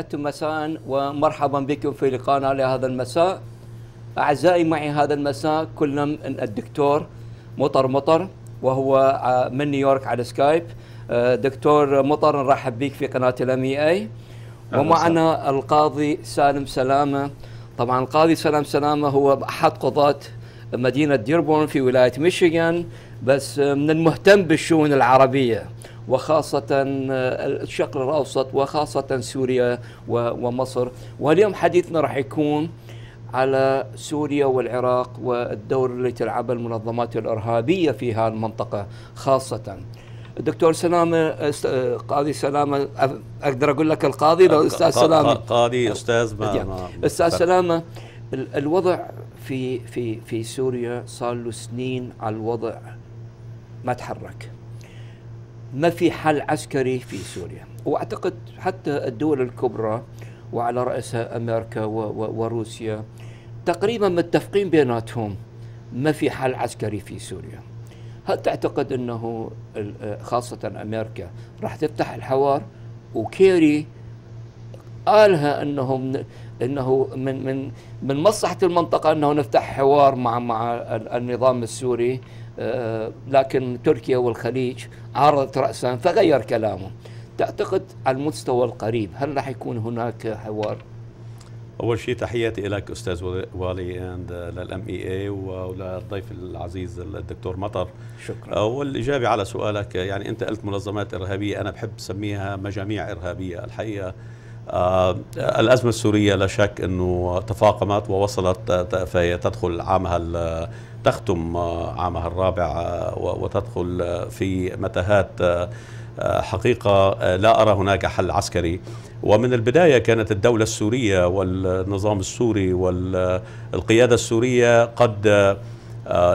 انتم مساء ومرحبا بكم في لقائنا لهذا المساء أعزائي معي هذا المساء كلنا الدكتور مطر مطر وهو آه، من نيويورك على سكايب آه، دكتور مطر نرحب بك في قناة الام اي ومعنا القاضي سالم سلامة طبعا القاضي سلام سلامة هو أحد قضاة مدينة ديربون في ولاية ميشيغان بس آه، من المهتم بالشؤون العربية وخاصة آه، الشرق الأوسط وخاصة سوريا ومصر واليوم حديثنا راح يكون على سوريا والعراق والدور اللي تلعبه المنظمات الإرهابية في هذه المنطقة خاصة دكتور سلامه آه، قاضي سلامه اقدر اقول لك القاضي لو استاذ سلامه قاضي استاذ ما, ما استاذ سلامه الوضع في في في سوريا صار له سنين على الوضع ما تحرك ما في حل عسكري في سوريا واعتقد حتى الدول الكبرى وعلى راسها امريكا وروسيا تقريبا متفقين بيناتهم ما في حل عسكري في سوريا هل تعتقد انه خاصه امريكا راح تفتح الحوار وكيري قالها انهم انه من من من مصلحه المنطقه انه نفتح حوار مع مع النظام السوري آه، لكن تركيا والخليج عرضت رأسا فغير كلامه تعتقد على المستوى القريب هل راح يكون هناك حوار أول شيء تحياتي لك أستاذ والي أند للأم إي إي وللضيف العزيز الدكتور مطر شكرا آه، والإجابة على سؤالك يعني أنت قلت منظمات إرهابية أنا بحب سميها مجاميع إرهابية الحقيقة آه الأزمة السورية لا شك أنه تفاقمت ووصلت آه، فهي تدخل عامها تختم عامها الرابع آه، وتدخل آه، في متاهات آه، حقيقة لا أرى هناك حل عسكري ومن البداية كانت الدولة السورية والنظام السوري والقيادة السورية قد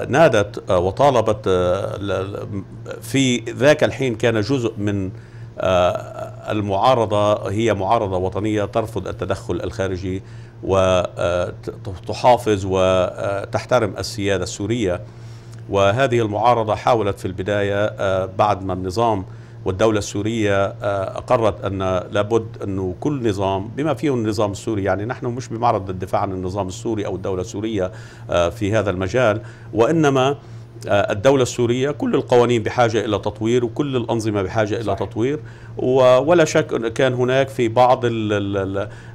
نادت وطالبت في ذاك الحين كان جزء من المعارضة هي معارضة وطنية ترفض التدخل الخارجي وتحافظ وتحترم السيادة السورية وهذه المعارضة حاولت في البداية آه، بعد ما النظام والدولة السورية آه، أقرت أن لابد أنه كل نظام بما فيه النظام السوري يعني نحن مش بمعرض الدفاع عن النظام السوري أو الدولة السورية آه، في هذا المجال وإنما آه، الدولة السورية كل القوانين بحاجة إلى تطوير وكل الأنظمة بحاجة إلى تطوير ولا شك كان هناك في بعض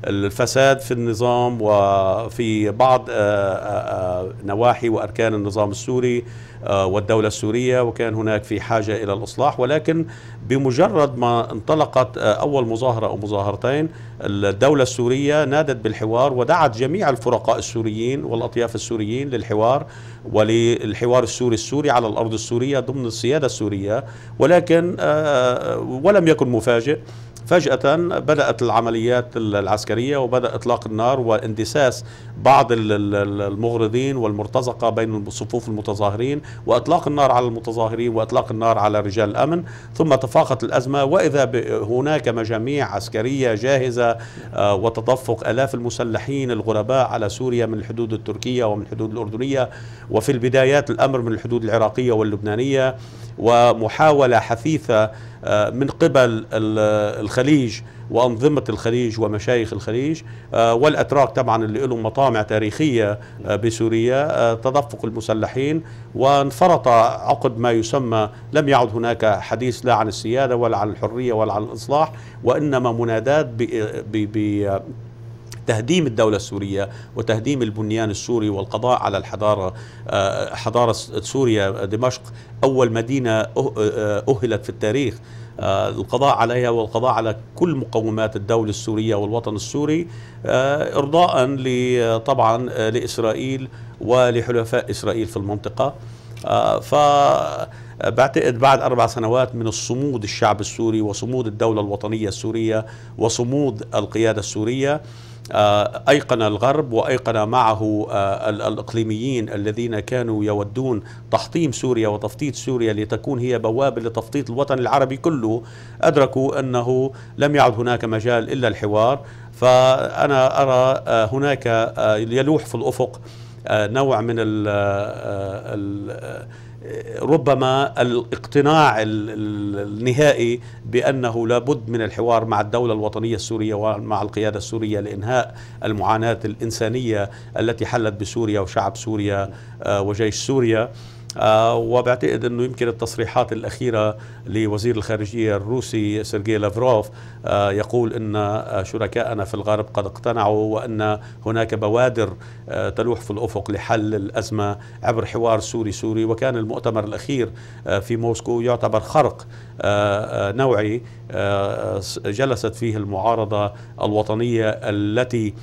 الفساد في النظام وفي بعض آه، آه، نواحي وأركان النظام السوري آه، والدولة السورية وكان هناك في حاجة إلى الإصلاح ولكن بمجرد ما انطلقت آه، أول مظاهرة أو مظاهرتين الدولة السورية نادت بالحوار ودعت جميع الفرقاء السوريين والأطياف السوريين للحوار وللحوار السوري السوري على الأرض السورية ضمن السيادة السورية ولكن آه، ولم يكن مفاجئ فجأة بدأت العمليات العسكرية وبدأ إطلاق النار واندساس بعض المغرضين والمرتزقة بين صفوف المتظاهرين وإطلاق النار على المتظاهرين وإطلاق النار على رجال الأمن ثم تفاقت الأزمة وإذا هناك مجاميع عسكرية جاهزة آه، وتدفق ألاف المسلحين الغرباء على سوريا من الحدود التركية ومن الحدود الأردنية وفي البدايات الأمر من الحدود العراقية واللبنانية ومحاولة حثيثة آه، من قبل الخليج وأنظمة الخليج ومشايخ الخليج آه، والأتراك طبعا اللي لهم مطامع تاريخية آه، بسوريا تدفق المسلحين وانفرط عقد ما يسمى لم يعد هناك حديث لا عن السيادة ولا عن الحرية ولا عن الإصلاح وإنما منادات ب تهديم الدولة السورية وتهديم البنيان السوري والقضاء على الحضارة آه، حضارة سوريا دمشق أول مدينة أه-، آه، أهلت في التاريخ القضاء عليها والقضاء على كل مقومات الدولة السورية والوطن السوري إرضاء طبعا لإسرائيل ولحلفاء إسرائيل في المنطقة ف بعتقد بعد أربع سنوات من الصمود الشعب السوري وصمود الدولة الوطنية السورية وصمود القيادة السورية آه، أيقن الغرب وأيقن معه آه، الإقليميين الذين كانوا يودون تحطيم سوريا وتفطيط سوريا لتكون هي بوابة لتفطيط الوطن العربي كله أدركوا أنه لم يعد هناك مجال إلا الحوار فأنا أرى آه، هناك يلوح في الأفق نوع من ال ربما الاقتناع النهائي بانه لابد من الحوار مع الدوله الوطنيه السوريه ومع القياده السوريه لانهاء المعاناه الانسانيه التي حلت بسوريا وشعب سوريا آه، وجيش سوريا آه، وبعتقد انه يمكن التصريحات الاخيره لوزير الخارجيه الروسي سيرجي لافروف آه، يقول ان آه، شركائنا في الغرب قد اقتنعوا وان هناك بوادر تلوح في الافق لحل الازمه عبر حوار سوري سوري وكان المؤتمر الاخير في موسكو يعتبر خرق نوعي جلست فيه المعارضه الوطنيه التي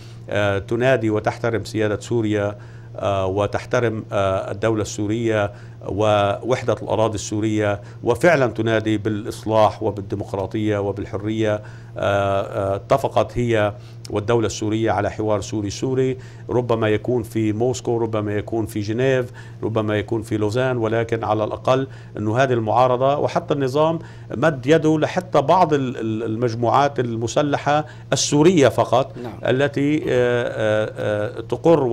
تنادي وتحترم سياده سوريا آه، وتحترم آه، الدولة السورية ووحدة الأراضي السورية وفعلا تنادي بالإصلاح وبالديمقراطية وبالحرية آه، آه، اتفقت هي والدولة السورية على حوار سوري سوري ربما يكون في موسكو ربما يكون في جنيف ربما يكون في لوزان ولكن على الأقل أنه هذه المعارضة وحتى النظام مد يده لحتى بعض المجموعات المسلحة السورية فقط نعم. التي آه، تقر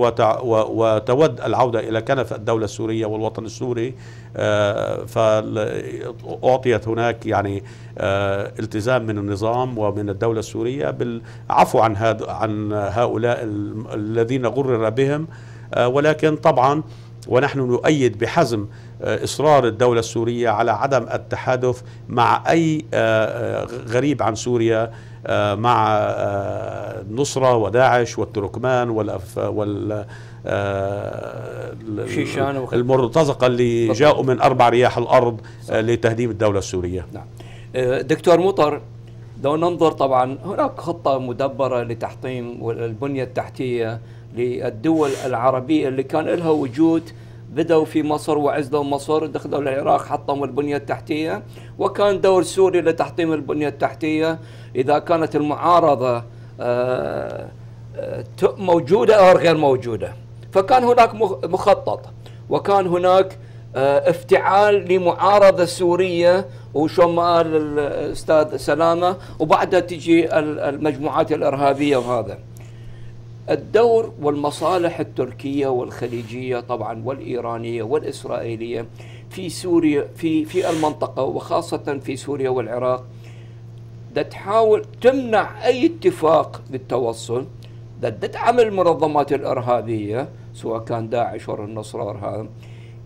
وتود العودة إلى كنف الدولة السورية والوطن السوري الدوري آه، فأعطيت هناك يعني آه، التزام من النظام ومن الدولة السورية بالعفو عن عن هؤلاء الذين غرر بهم آه، ولكن طبعا ونحن نؤيد بحزم إصرار الدولة السورية على عدم التحادث مع أي غريب عن سوريا مع النصرة وداعش والتركمان والأف وال آه، شيشان المرتزقة اللي جاءوا من أربع رياح الأرض آه، لتهديم الدولة السورية نعم آه، دكتور مطر لو ننظر طبعا هناك خطة مدبرة لتحطيم البنية التحتية للدول العربية اللي كان لها وجود بدأوا في مصر وعزلوا مصر دخلوا العراق حطموا البنية التحتية وكان دور سوري لتحطيم البنية التحتية إذا كانت المعارضة موجودة أو غير موجودة فكان هناك مخطط وكان هناك آه، افتعال لمعارضه سوريه وشو ما قال الاستاذ سلامه وبعدها تجي المجموعات الارهابيه وهذا. الدور والمصالح التركيه والخليجيه طبعا والايرانيه والاسرائيليه في سوريا في في المنطقه وخاصه في سوريا والعراق دا تحاول تمنع اي اتفاق بالتوصل دا تدعم المنظمات الارهابيه سواء كان داعش ولا النصر ولا هذا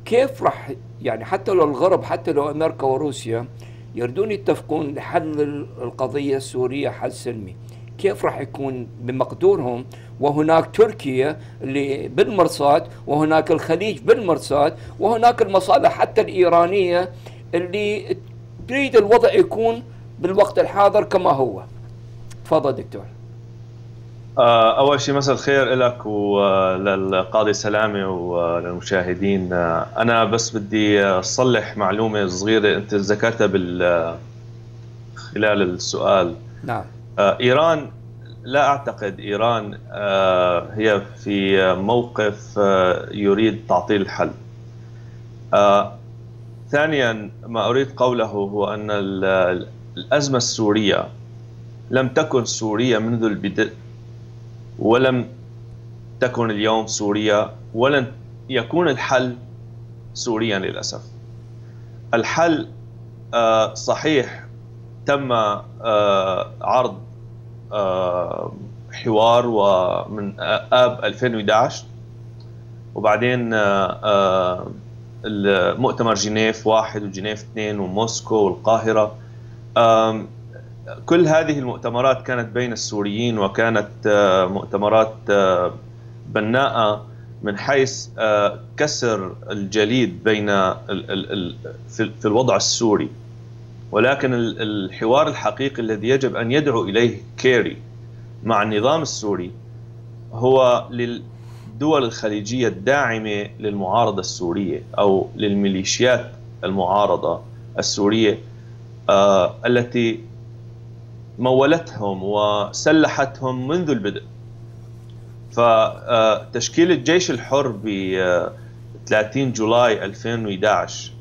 كيف راح يعني حتى لو الغرب حتى لو امريكا وروسيا يردون يتفقون لحل القضيه السوريه حل سلمي كيف راح يكون بمقدورهم وهناك تركيا اللي بالمرصاد وهناك الخليج بالمرصاد وهناك المصالح حتى الايرانيه اللي تريد الوضع يكون بالوقت الحاضر كما هو تفضل دكتور آه، اول شيء مساء الخير لك وللقاضي سلامه وللمشاهدين آه، انا بس بدي اصلح معلومه صغيره انت ذكرتها بال خلال السؤال نعم آه، ايران لا اعتقد ايران هي في موقف يريد تعطيل الحل ثانيا ما اريد قوله هو ان الازمه السوريه لم تكن سوريا منذ ولم تكن اليوم سوريا ولن يكون الحل سوريا للأسف الحل آه، صحيح تم آه، عرض آه، حوار ومن آب 2011 وبعدين مؤتمر جنيف واحد وجنيف اثنين وموسكو والقاهرة كل هذه المؤتمرات كانت بين السوريين وكانت آه، مؤتمرات آه، بناءه من حيث آه، كسر الجليد بين في الوضع السوري ولكن الحوار الحقيقي الذي يجب ان يدعو اليه كيري مع النظام السوري هو للدول الخليجيه الداعمه للمعارضه السوريه او للميليشيات المعارضه السوريه التي مولتهم وسلحتهم منذ البدء فتشكيل آه، الجيش الحر ب 30 جولاي 2011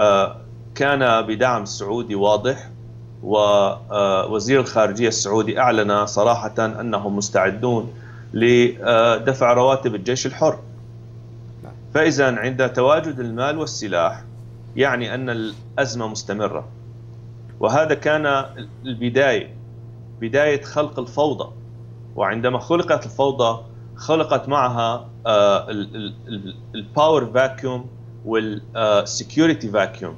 آه، كان بدعم سعودي واضح ووزير آه، الخارجية السعودي أعلن صراحة أنهم مستعدون لدفع رواتب الجيش الحر نعم. فإذا عند تواجد المال والسلاح يعني أن الأزمة مستمرة وهذا كان البداية بداية خلق الفوضى وعندما خلقت الفوضى خلقت معها الباور فاكيوم والسكيورتي فاكيوم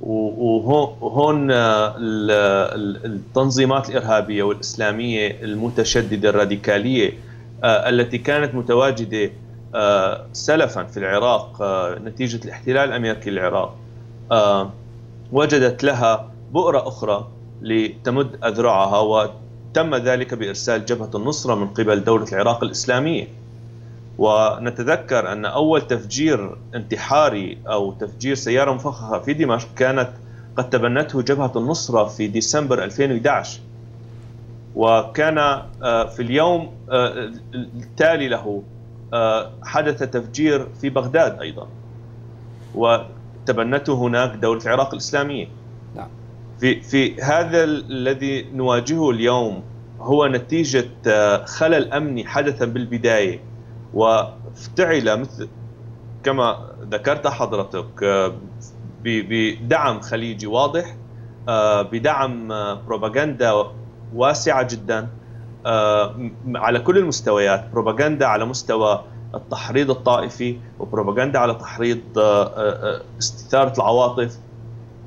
وهون آه، التنظيمات الارهابيه والاسلاميه المتشدده الراديكاليه آه، التي كانت متواجده آه، سلفا في العراق نتيجه الاحتلال الامريكي للعراق وجدت لها بؤرة أخرى لتمد أذرعها وتم ذلك بإرسال جبهة النصرة من قبل دولة العراق الإسلامية ونتذكر أن أول تفجير انتحاري أو تفجير سيارة مفخخة في دمشق كانت قد تبنته جبهة النصرة في ديسمبر 2011 وكان آه، في اليوم آه، التالي له آه، حدث تفجير في بغداد أيضا وتبنته هناك دولة العراق الإسلامية في في هذا الذي نواجهه اليوم هو نتيجه آه، خلل امني حدث بالبدايه وافتعل مثل كما ذكرت حضرتك آه، بدعم خليجي واضح آه، بدعم بروباغندا واسعه جدا على كل المستويات بروباغندا على مستوى التحريض الطائفي وبروباغندا على تحريض استثاره العواطف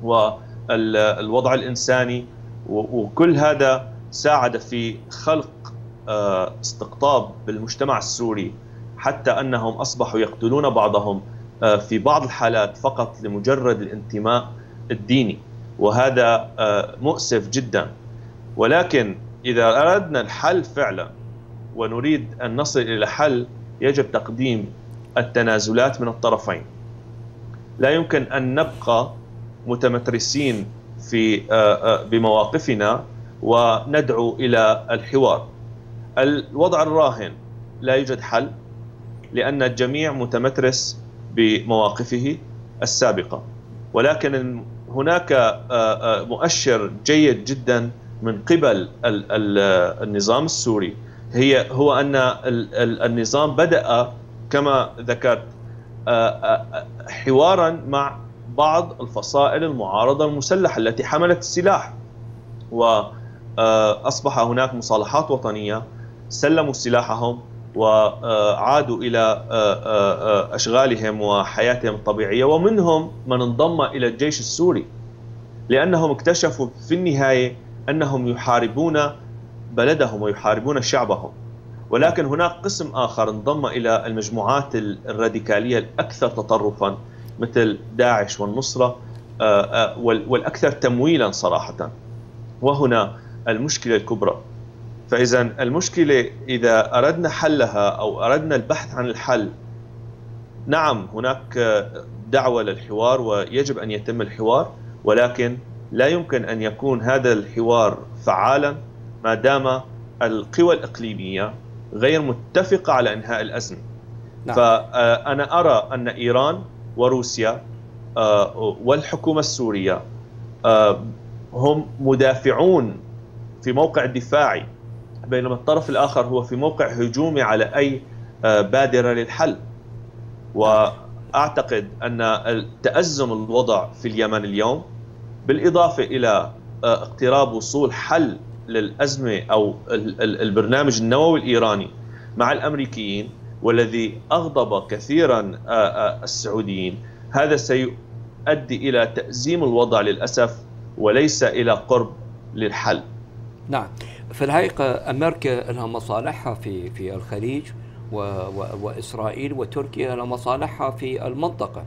و الوضع الانساني وكل هذا ساعد في خلق آه، استقطاب بالمجتمع السوري حتى انهم اصبحوا يقتلون بعضهم آه، في بعض الحالات فقط لمجرد الانتماء الديني وهذا آه، مؤسف جدا ولكن اذا اردنا الحل فعلا ونريد ان نصل الى حل يجب تقديم التنازلات من الطرفين لا يمكن ان نبقى متمترسين في آه، آه، بمواقفنا وندعو الى الحوار. الوضع الراهن لا يوجد حل لان الجميع متمترس بمواقفه السابقه ولكن هناك آه، مؤشر جيد جدا من قبل النظام السوري هي هو ان النظام بدا كما ذكرت حوارا مع بعض الفصائل المعارضة المسلحة التي حملت السلاح وأصبح آه، هناك مصالحات وطنية سلموا سلاحهم وعادوا آه، إلى آه، أشغالهم وحياتهم الطبيعية ومنهم من انضم إلى الجيش السوري لأنهم اكتشفوا في النهاية أنهم يحاربون بلدهم ويحاربون شعبهم ولكن هناك قسم آخر انضم إلى المجموعات الراديكالية الأكثر تطرفاً مثل داعش والنصرة آه، آه، والأكثر تمويلا صراحة وهنا المشكلة الكبرى فإذا المشكلة إذا أردنا حلها أو أردنا البحث عن الحل نعم هناك آه، دعوة للحوار ويجب أن يتم الحوار ولكن لا يمكن أن يكون هذا الحوار فعالا ما دام القوى الإقليمية غير متفقة على إنهاء الأزمة نعم. فأنا أرى أن إيران وروسيا آه، والحكومة السورية آه، هم مدافعون في موقع دفاعي بينما الطرف الآخر هو في موقع هجومي على أي آه، بادرة للحل وأعتقد أن تأزم الوضع في اليمن اليوم بالإضافة إلى اقتراب وصول حل للأزمة أو البرنامج النووي الإيراني مع الأمريكيين والذي أغضب كثيرا آه، آه، السعوديين هذا سيؤدي إلى تأزيم الوضع للأسف وليس إلى قرب للحل نعم في الحقيقة أمريكا لها مصالحها في في الخليج و و وإسرائيل وتركيا لها مصالحها في المنطقة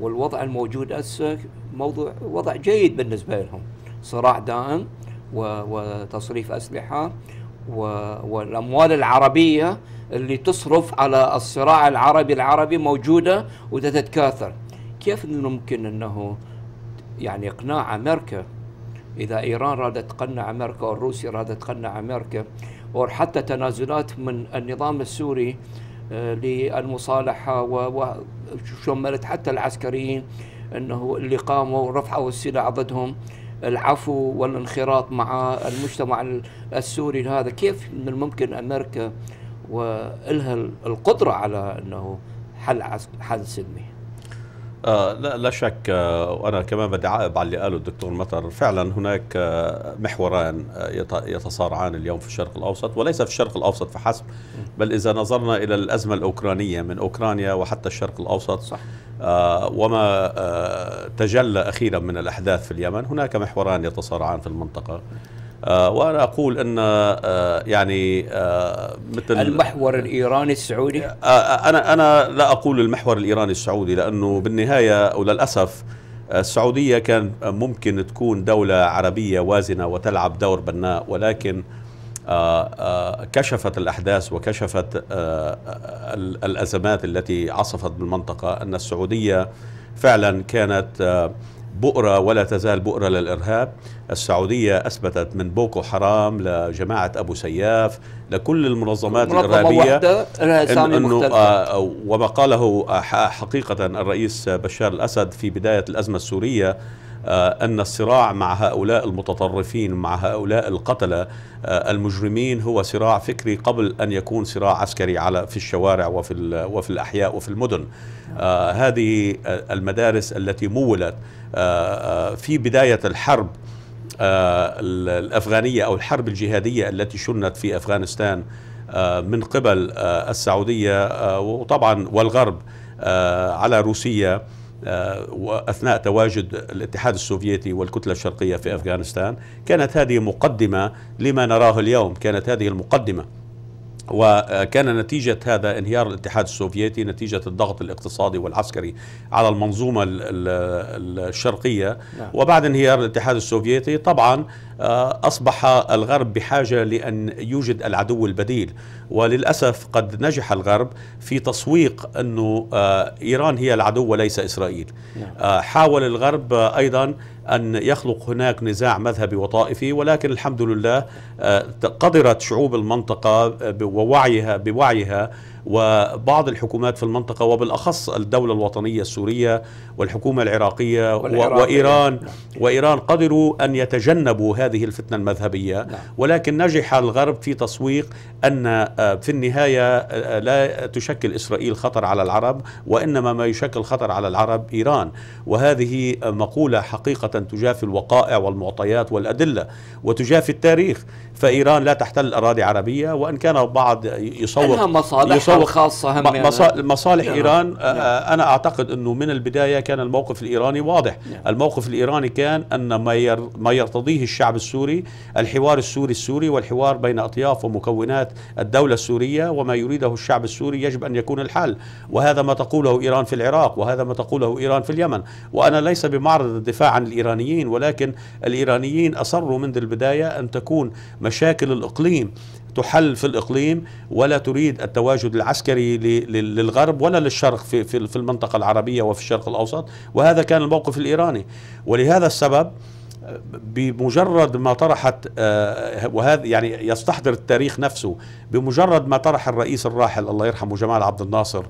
والوضع الموجود هسه موضوع وضع جيد بالنسبة لهم صراع دائم وتصريف أسلحة والأموال العربية اللي تصرف على الصراع العربي العربي موجودة وتتكاثر كيف أنه ممكن أنه يعني إقناع أمريكا إذا إيران رادت تقنع أمريكا والروسيا رادت تقنع أمريكا وحتى تنازلات من النظام السوري آه، للمصالحة وشملت حتى العسكريين أنه اللي قاموا رفعوا السلاح ضدهم العفو والانخراط مع المجتمع السوري هذا كيف من الممكن امريكا والها القدره على انه حل حل سلمي آه لا, لا شك آه وانا كمان بدي عائب على اللي قاله الدكتور مطر فعلا هناك آه محوران آه، يتصارعان اليوم في الشرق الاوسط وليس في الشرق الاوسط فحسب بل اذا نظرنا الى الازمه الاوكرانيه من اوكرانيا وحتى الشرق الاوسط صح آه، وما آه، تجلى اخيرا من الاحداث في اليمن هناك محوران يتصارعان في المنطقه آه، وانا اقول ان آه، يعني آه، مثل المحور الايراني السعودي انا انا لا اقول المحور الايراني السعودي لانه بالنهايه وللاسف السعوديه كان ممكن تكون دوله عربيه وازنه وتلعب دور بناء ولكن كشفت الاحداث وكشفت الازمات التي عصفت بالمنطقه ان السعوديه فعلا كانت بؤرة ولا تزال بؤرة للإرهاب السعودية أثبتت من بوكو حرام لجماعة أبو سياف لكل المنظمات الإرهابية إن إنه آه، وما قاله حقيقة الرئيس بشار الأسد في بداية الأزمة السورية آه، أن الصراع مع هؤلاء المتطرفين مع هؤلاء القتلة آه، المجرمين هو صراع فكري قبل أن يكون صراع عسكري على في الشوارع وفي, وفي الأحياء وفي المدن آه هذه المدارس التي مولت آه، آه، في بداية الحرب آه، الأفغانية أو الحرب الجهادية التي شنت في أفغانستان من قبل السعودية وطبعا والغرب على روسيا واثناء تواجد الاتحاد السوفيتي والكتله الشرقيه في افغانستان، كانت هذه مقدمه لما نراه اليوم، كانت هذه المقدمه وكان نتيجة هذا انهيار الاتحاد السوفيتي نتيجة الضغط الاقتصادي والعسكري على المنظومة الشرقية نعم. وبعد انهيار الاتحاد السوفيتي طبعا آه، أصبح الغرب بحاجة لأن يوجد العدو البديل وللأسف قد نجح الغرب في تسويق أنه آه، إيران هي العدو وليس إسرائيل نعم. آه، حاول الغرب أيضا أن يخلق هناك نزاع مذهبي وطائفي ولكن الحمد لله آه، قدرت شعوب المنطقة آه، بوعيها بوعيها وبعض الحكومات في المنطقة وبالأخص الدولة الوطنية السورية والحكومة العراقية وإيران نعم. وإيران قدروا أن يتجنبوا هذه الفتنة المذهبية نعم. ولكن نجح الغرب في تسويق أن آه، في النهاية آه، آه، لا تشكل إسرائيل خطر على العرب وإنما ما يشكل خطر على العرب إيران وهذه مقولة حقيقة تجافي الوقائع والمعطيات والأدلة وتجافي التاريخ فإيران لا تحتل أراضي عربية وإن كان البعض يصور يعني. مصالح يصور خاصة هم يعني مصالح يعني إيران يعني أنا أعتقد أنه من البداية كان الموقف الإيراني واضح يعني الموقف الإيراني كان أن ما, ير ما يرتضيه الشعب السوري الحوار السوري السوري والحوار بين أطياف ومكونات الدولة السورية وما يريده الشعب السوري يجب أن يكون الحل وهذا ما تقوله إيران في العراق وهذا ما تقوله إيران في اليمن وأنا ليس بمعرض الدفاع عن الإيرانيين ولكن الإيرانيين أصروا منذ البداية أن تكون مشاكل الإقليم تحل في الإقليم ولا تريد التواجد العسكري للغرب ولا للشرق في, في المنطقة العربية وفي الشرق الأوسط وهذا كان الموقف الإيراني ولهذا السبب بمجرد ما طرحت آه، وهذا يعني يستحضر التاريخ نفسه بمجرد ما طرح الرئيس الراحل الله يرحمه جمال عبد الناصر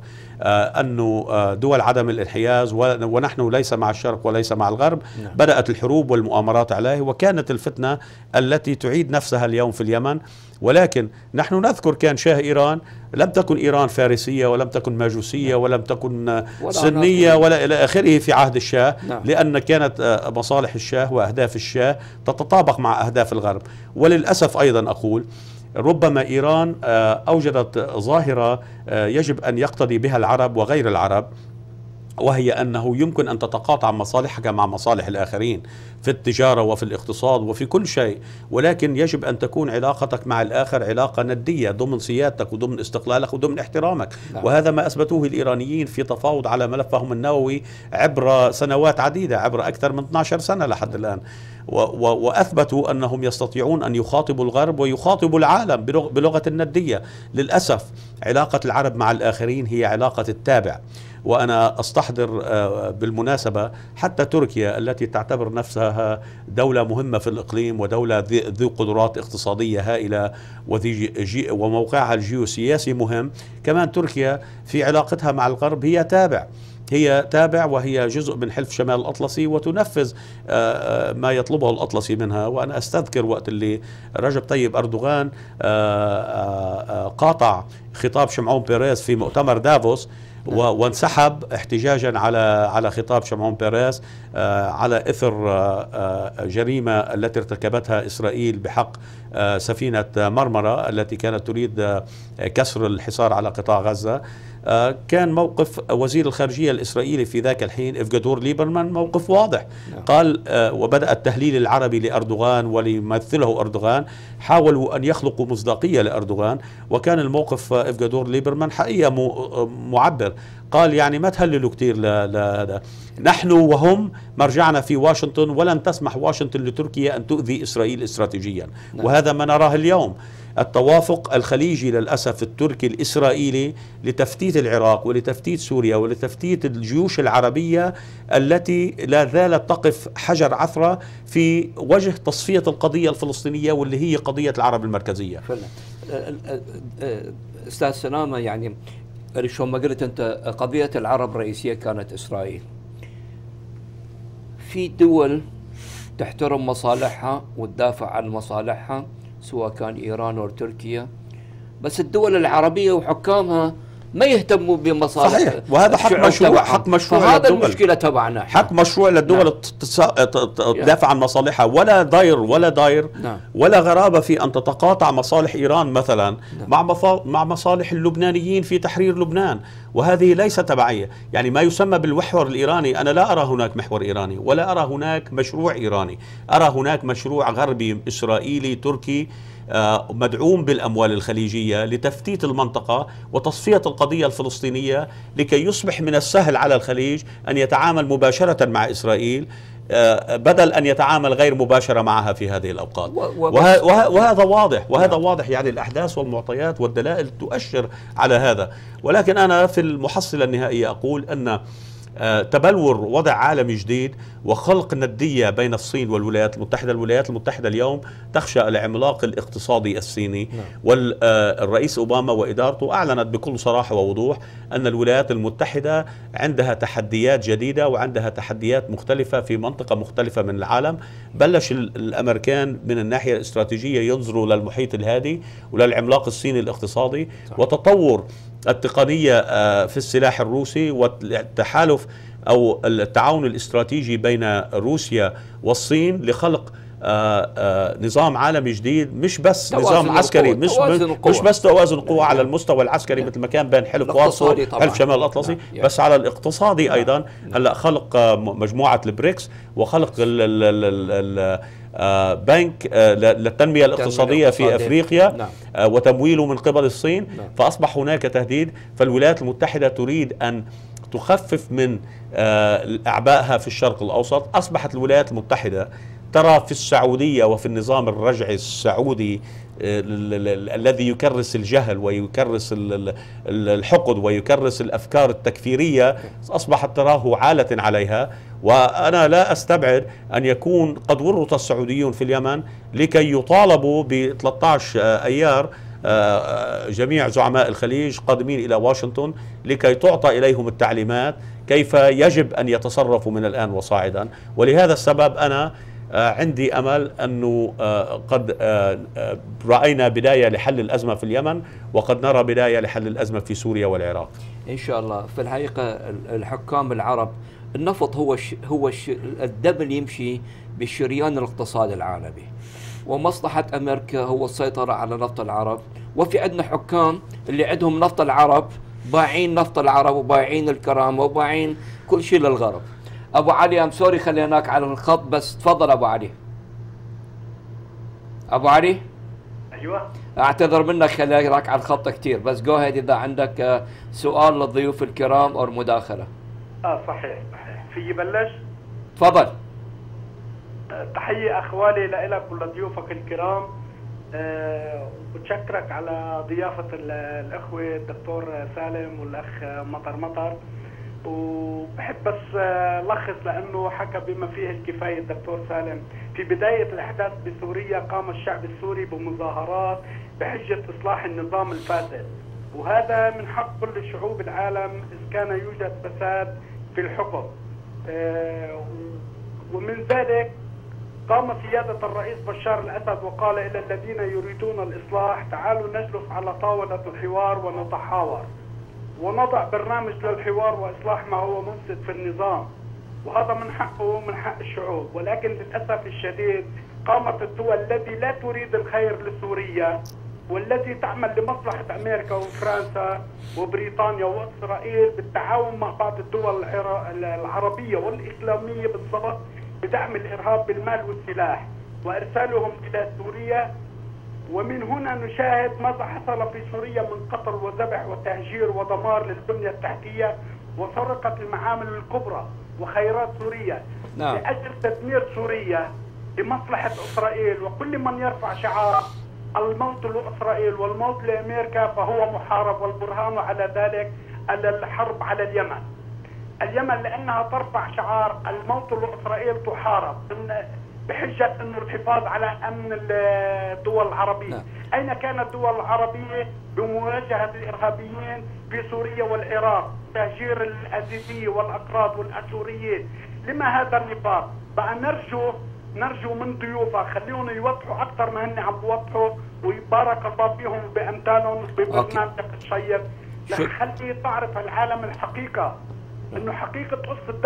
آه، انه آه، دول عدم الانحياز ونحن ليس مع الشرق وليس مع الغرب نعم. بدات الحروب والمؤامرات عليه وكانت الفتنه التي تعيد نفسها اليوم في اليمن ولكن نحن نذكر كان شاه إيران لم تكن إيران فارسية ولم تكن ماجوسية نعم. ولم تكن ولا آه، سنية ولا إلى آخره في عهد الشاه نعم. لأن كانت آه، مصالح الشاه وأهداف الشاه تتطابق مع أهداف الغرب وللأسف أيضا أقول ربما إيران آه، أوجدت ظاهرة يجب أن يقتدي بها العرب وغير العرب وهي أنه يمكن أن تتقاطع مصالحك مع مصالح الآخرين في التجارة وفي الاقتصاد وفي كل شيء ولكن يجب أن تكون علاقتك مع الآخر علاقة ندية ضمن سيادتك وضمن استقلالك وضمن احترامك نعم. وهذا ما أثبتوه الإيرانيين في تفاوض على ملفهم النووي عبر سنوات عديدة عبر أكثر من 12 سنة لحد الآن واثبتوا انهم يستطيعون ان يخاطبوا الغرب ويخاطبوا العالم بلغه النديه للاسف علاقه العرب مع الاخرين هي علاقه التابع وأنا أستحضر آه، بالمناسبة حتى تركيا التي تعتبر نفسها دولة مهمة في الإقليم ودولة ذو قدرات اقتصادية هائلة وموقعها الجيوسياسي مهم كمان تركيا في علاقتها مع الغرب هي تابع هي تابع وهي جزء من حلف شمال الأطلسي وتنفذ آه، آه، ما يطلبه الأطلسي منها وأنا أستذكر وقت اللي رجب طيب أردوغان قاطع خطاب شمعون بيريز في مؤتمر دافوس وانسحب احتجاجا على على خطاب شمعون بيريز آه، على اثر آه، آه، جريمه التي ارتكبتها اسرائيل بحق سفينه مرمره التي كانت تريد كسر الحصار على قطاع غزه آه، كان موقف وزير الخارجية الإسرائيلي في ذاك الحين إفجادور ليبرمان موقف واضح نعم. قال آه، وبدأ التهليل العربي لأردوغان وليمثله أردوغان حاولوا أن يخلقوا مصداقية لأردوغان وكان الموقف آه، إفجادور ليبرمان حقيقة معبر قال يعني ما تهللوا كثير لهذا نحن وهم مرجعنا في واشنطن ولن تسمح واشنطن لتركيا أن تؤذي إسرائيل استراتيجيا نعم. وهذا ما نراه اليوم التوافق الخليجي للأسف التركي الإسرائيلي لتفتيت العراق ولتفتيت سوريا ولتفتيت الجيوش العربية التي لا زالت تقف حجر عثرة في وجه تصفية القضية الفلسطينية واللي هي قضية العرب المركزية فعلا أه، أه، أه، أستاذ سلامة يعني شو ما قلت أنت قضية العرب الرئيسية كانت إسرائيل في دول تحترم مصالحها وتدافع عن مصالحها سواء كان إيران أو تركيا بس الدول العربية وحكامها ما يهتموا بمصالح صحيح وهذا حق مشروع حق مشروع هذا المشكله تبعنا حق مشروع للدول نعم. تدافع عن مصالحها ولا ضير ولا ضير نعم. ولا غرابه في ان تتقاطع مصالح ايران مثلا نعم. مع مع مصالح اللبنانيين في تحرير لبنان وهذه ليست تبعيه يعني ما يسمى بالمحور الايراني انا لا ارى هناك محور ايراني ولا ارى هناك مشروع ايراني ارى هناك مشروع غربي اسرائيلي تركي آه، مدعوم بالأموال الخليجية لتفتيت المنطقة وتصفية القضية الفلسطينية لكي يصبح من السهل على الخليج أن يتعامل مباشرة مع إسرائيل آه، بدل أن يتعامل غير مباشرة معها في هذه الأوقات وهذا واضح وهذا نعم. واضح يعني الأحداث والمعطيات والدلائل تؤشر على هذا ولكن أنا في المحصلة النهائية أقول أن آه، تبلور وضع عالمي جديد وخلق ندية بين الصين والولايات المتحدة الولايات المتحدة اليوم تخشى العملاق الاقتصادي الصيني نعم. والرئيس آه، أوباما وإدارته أعلنت بكل صراحة ووضوح أن الولايات المتحدة عندها تحديات جديدة وعندها تحديات مختلفة في منطقة مختلفة من العالم بلش الأمريكان من الناحية الاستراتيجية ينظروا للمحيط الهادي وللعملاق الصيني الاقتصادي صح. وتطور التقنية آه، في السلاح الروسي والتحالف أو التعاون الاستراتيجي بين روسيا والصين لخلق آآ آه، آآ آه، نظام عالمي جديد مش بس نظام عسكري مش مش بس توازن القوى نعم. على المستوى العسكري نعم. مثل ما كان بين حلف وارسو حلف شمال نعم. الاطلسي بس على الاقتصادي ايضا هلا خلق مجموعه البريكس وخلق ال ال ال ال آه، بنك آه، للتنمية الاقتصادية في أفريقيا نعم. آه، وتمويله من قبل الصين نعم. فأصبح هناك تهديد فالولايات المتحدة تريد أن تخفف من أعبائها في الشرق الأوسط أصبحت الولايات المتحدة ترى في السعودية وفي النظام الرجعي السعودي الذي يكرس الجهل ويكرس الحقد ويكرس الافكار التكفيريه اصبحت تراه عاله عليها وانا لا استبعد ان يكون قد ورط السعوديون في اليمن لكي يطالبوا ب 13 ايار آه، آه، جميع زعماء الخليج قادمين الى واشنطن لكي تعطى اليهم التعليمات كيف يجب ان يتصرفوا من الان وصاعدا ولهذا السبب انا آه، عندي امل انه آه، قد آه، راينا بدايه لحل الازمه في اليمن وقد نرى بدايه لحل الازمه في سوريا والعراق. ان شاء الله، في الحقيقه الحكام العرب النفط هو هو الدبل الدم اللي يمشي بشريان الاقتصاد العالمي. ومصلحة أمريكا هو السيطرة على نفط العرب وفي عندنا حكام اللي عندهم نفط العرب بايعين نفط العرب وبايعين الكرامة وبايعين كل شيء للغرب ابو علي ام سوري خليناك على الخط بس تفضل ابو علي ابو علي ايوه اعتذر منك خليناك على الخط كثير بس جو اذا عندك آه، سؤال للضيوف الكرام او مداخله اه صحيح صحيح في بلش تفضل آه، تحيه اخوالي لك ولضيوفك الكرام أه وبتشكرك على ضيافه الاخوه الدكتور سالم والاخ مطر مطر وبحب بس آه، لخص لانه حكى بما فيه الكفايه الدكتور سالم في بدايه الاحداث بسوريا قام الشعب السوري بمظاهرات بحجه اصلاح النظام الفاسد وهذا من حق كل شعوب العالم اذ كان يوجد فساد في الحكم آه، ومن ذلك قام سيادة الرئيس بشار الأسد وقال إلى الذين يريدون الإصلاح تعالوا نجلس على طاولة الحوار ونتحاور ونضع برنامج للحوار واصلاح ما هو مفسد في النظام وهذا من حقه ومن حق الشعوب ولكن للاسف الشديد قامت الدول التي لا تريد الخير لسوريا والتي تعمل لمصلحه امريكا وفرنسا وبريطانيا واسرائيل بالتعاون مع بعض الدول العربيه والاسلاميه بالضبط بدعم الارهاب بالمال والسلاح وارسالهم الى سوريا ومن هنا نشاهد ماذا حصل في سوريا من قتل وذبح وتهجير ودمار للبنية التحتية وسرقة المعامل الكبرى وخيرات سوريا نعم. لأجل تدمير سوريا لمصلحة إسرائيل وكل من يرفع شعار الموت لإسرائيل والموت لأمريكا فهو محارب والبرهان على ذلك الحرب على اليمن اليمن لأنها ترفع شعار الموت لإسرائيل تحارب بحجه انه الحفاظ على امن الدول العربيه، نعم. اين كانت الدول العربيه بمواجهه الارهابيين في سوريا والعراق، تهجير الازيديه والاكراد والاسوريين، لما هذا النفاق؟ بقى نرجو نرجو من ضيوفها خليهم يوضحوا اكثر ما هن عم بوضحوا ويبارك الله فيهم بامثالهم ببرنامجك الشيق لخلي تعرف العالم الحقيقه انه حقيقه قصه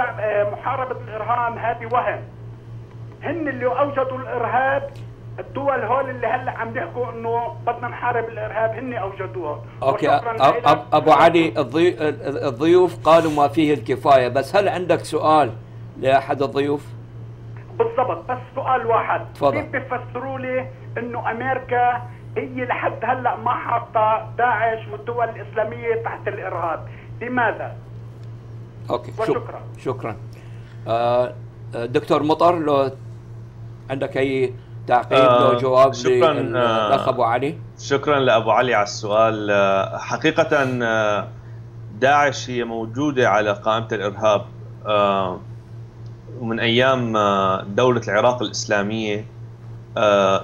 محاربه الارهاب هذه وهم هن اللي اوجدوا الارهاب الدول هول اللي هلا عم يحكوا انه بدنا نحارب الارهاب هن اوجدوها اوكي أ... ابو علي الضي... الضيوف قالوا ما فيه الكفايه بس هل عندك سؤال لاحد الضيوف بالضبط بس سؤال واحد تفضل كيف بفسروا لي انه امريكا هي لحد هلا ما حاطه داعش والدول الاسلاميه تحت الارهاب لماذا اوكي وشكرا شكرا آه،, آه دكتور مطر لو عندك اي تعقيب آه، او جواب شكرا آه، للاخ ابو علي شكرا لابو علي على السؤال آه، حقيقه داعش هي موجوده على قائمه الارهاب ومن ايام دوله العراق الاسلاميه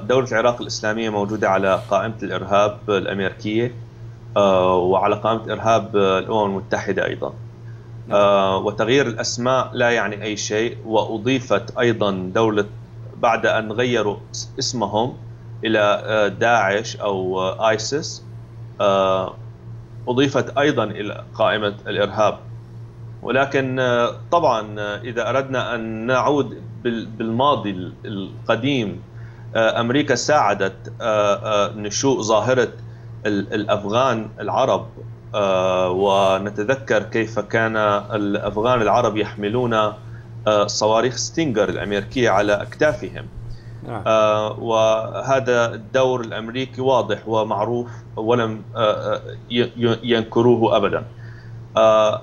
دوله العراق الاسلاميه موجوده على قائمه الارهاب الامريكيه وعلى قائمه ارهاب الامم المتحده ايضا نعم. وتغيير الاسماء لا يعني اي شيء واضيفت ايضا دوله بعد أن غيروا اسمهم إلى آه، داعش أو آه، آيسيس آه، أضيفت أيضا إلى قائمة الإرهاب ولكن طبعا إذا أردنا أن نعود بالماضي القديم أمريكا ساعدت نشوء ظاهرة الأفغان العرب ونتذكر كيف كان الأفغان العرب يحملون آه، صواريخ ستينجر الامريكيه على اكتافهم نعم. آه. وهذا الدور الامريكي واضح ومعروف ولم آه، آه، ينكروه ابدا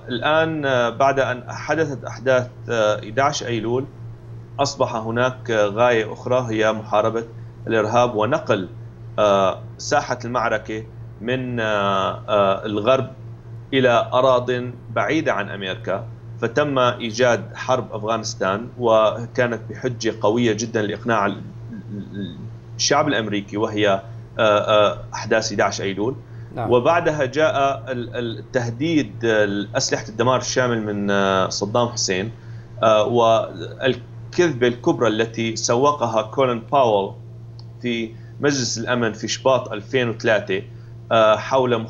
الان بعد ان حدثت احداث 11 ايلول اصبح هناك غايه اخرى هي محاربه الارهاب ونقل ساحه المعركه من الغرب الى اراض بعيده عن امريكا فتم ايجاد حرب افغانستان وكانت بحجه قويه جدا لاقناع الشعب الامريكي وهي آه، آه، احداث 11 ايلول نعم. وبعدها جاء التهديد اسلحه الدمار الشامل من آه، صدام حسين والكذبه الكبرى التي سوقها كولين باول في مجلس الامن في شباط 2003 آه، حول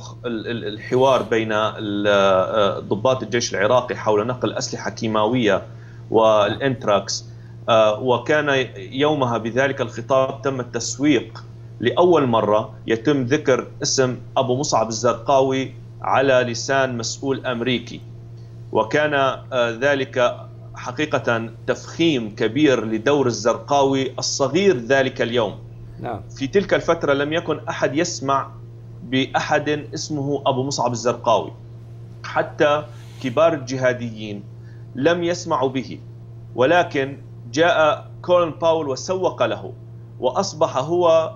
الحوار بين آه، ضباط الجيش العراقي حول نقل اسلحه كيماويه والانتراكس آه، وكان يومها بذلك الخطاب تم التسويق لاول مره يتم ذكر اسم ابو مصعب الزرقاوي على لسان مسؤول امريكي وكان ذلك حقيقه تفخيم كبير لدور الزرقاوي الصغير ذلك اليوم نعم. في تلك الفتره لم يكن احد يسمع باحد اسمه ابو مصعب الزرقاوي حتى كبار الجهاديين لم يسمعوا به ولكن جاء كولن باول وسوق له واصبح هو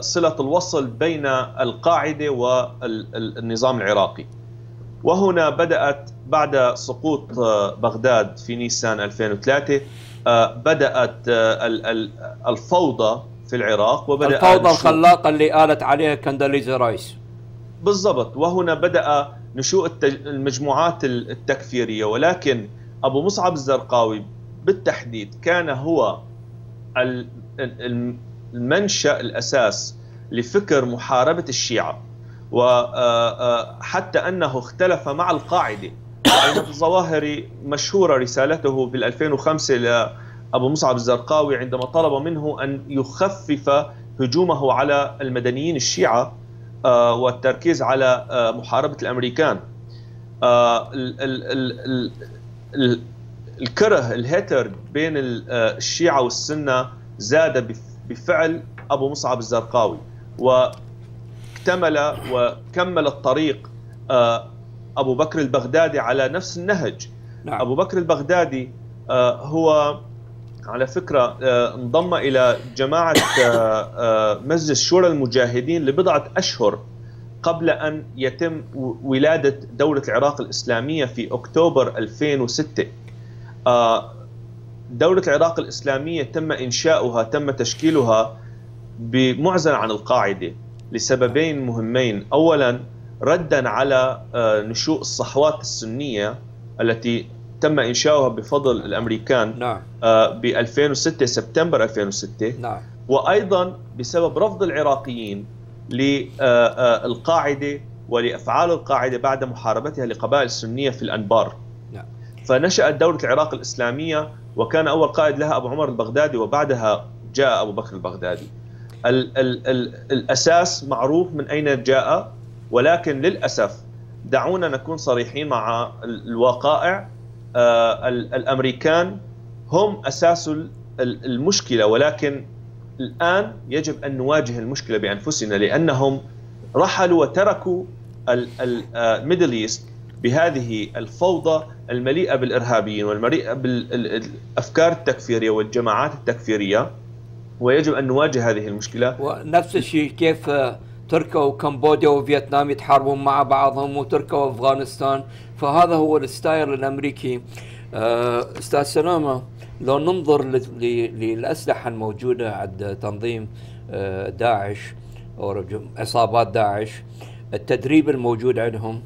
صله الوصل بين القاعده والنظام العراقي وهنا بدات بعد سقوط بغداد في نيسان 2003 بدات الفوضى في العراق وبدأ الفوضى الخلاقة اللي قالت عليها كنداليزا رايس بالضبط وهنا بدأ نشوء المجموعات التكفيرية ولكن أبو مصعب الزرقاوي بالتحديد كان هو المنشأ الأساس لفكر محاربة الشيعة وحتى آه، آه، أنه اختلف مع القاعدة الظواهري مشهورة رسالته بال 2005 أبو مصعب الزرقاوي عندما طلب منه أن يخفف هجومه على المدنيين الشيعة آه، والتركيز على آه، محاربة الأمريكان آه، الكره الهيتر بين الشيعة والسنة زاد بفعل أبو مصعب الزرقاوي واكتمل وكمل الطريق أبو بكر البغدادي على نفس النهج نعم. أبو بكر البغدادي هو على فكره آه، انضم الى جماعه آه، آه، مجلس شورى المجاهدين لبضعه اشهر قبل ان يتم ولاده دوله العراق الاسلاميه في اكتوبر 2006 دوله العراق الاسلاميه تم انشاؤها تم تشكيلها بمعزل عن القاعده لسببين مهمين اولا ردا على نشوء الصحوات السنيه التي تم انشاؤها بفضل الامريكان نعم آه، ب 2006 سبتمبر 2006 نعم وايضا بسبب رفض العراقيين للقاعده آه، آه، ولافعال القاعده بعد محاربتها لقبائل السنيه في الانبار نعم. فنشات دوله العراق الاسلاميه وكان اول قائد لها ابو عمر البغدادي وبعدها جاء ابو بكر البغدادي ال ال ال الاساس معروف من اين جاء ولكن للاسف دعونا نكون صريحين مع الوقائع آه، الامريكان هم اساس المشكله ولكن الان يجب ان نواجه المشكله بانفسنا لانهم رحلوا وتركوا الميدل ايست آه، بهذه الفوضى المليئه بالارهابيين والمليئه بالافكار التكفيريه والجماعات التكفيريه ويجب ان نواجه هذه المشكله ونفس الشيء كيف تركيا وكمبوديا وفيتنام يتحاربون مع بعضهم وتركيا وافغانستان فهذا هو الستايل الامريكي آه، استاذ سلامه لو ننظر للاسلحه الموجوده عند تنظيم آه، داعش او عصابات داعش التدريب الموجود عندهم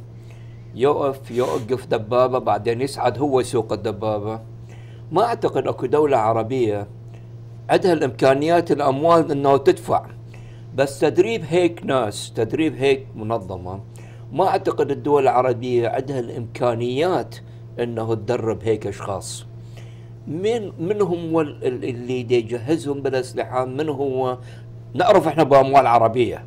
يوقف يوقف دبابه بعدين يسعد هو يسوق الدبابه ما اعتقد اكو دوله عربيه عندها الامكانيات الاموال انه تدفع بس تدريب هيك ناس تدريب هيك منظمة ما أعتقد الدول العربية عندها الإمكانيات أنه تدرب هيك أشخاص من من هو اللي يجهزهم بالأسلحة من هو نعرف احنا بأموال عربية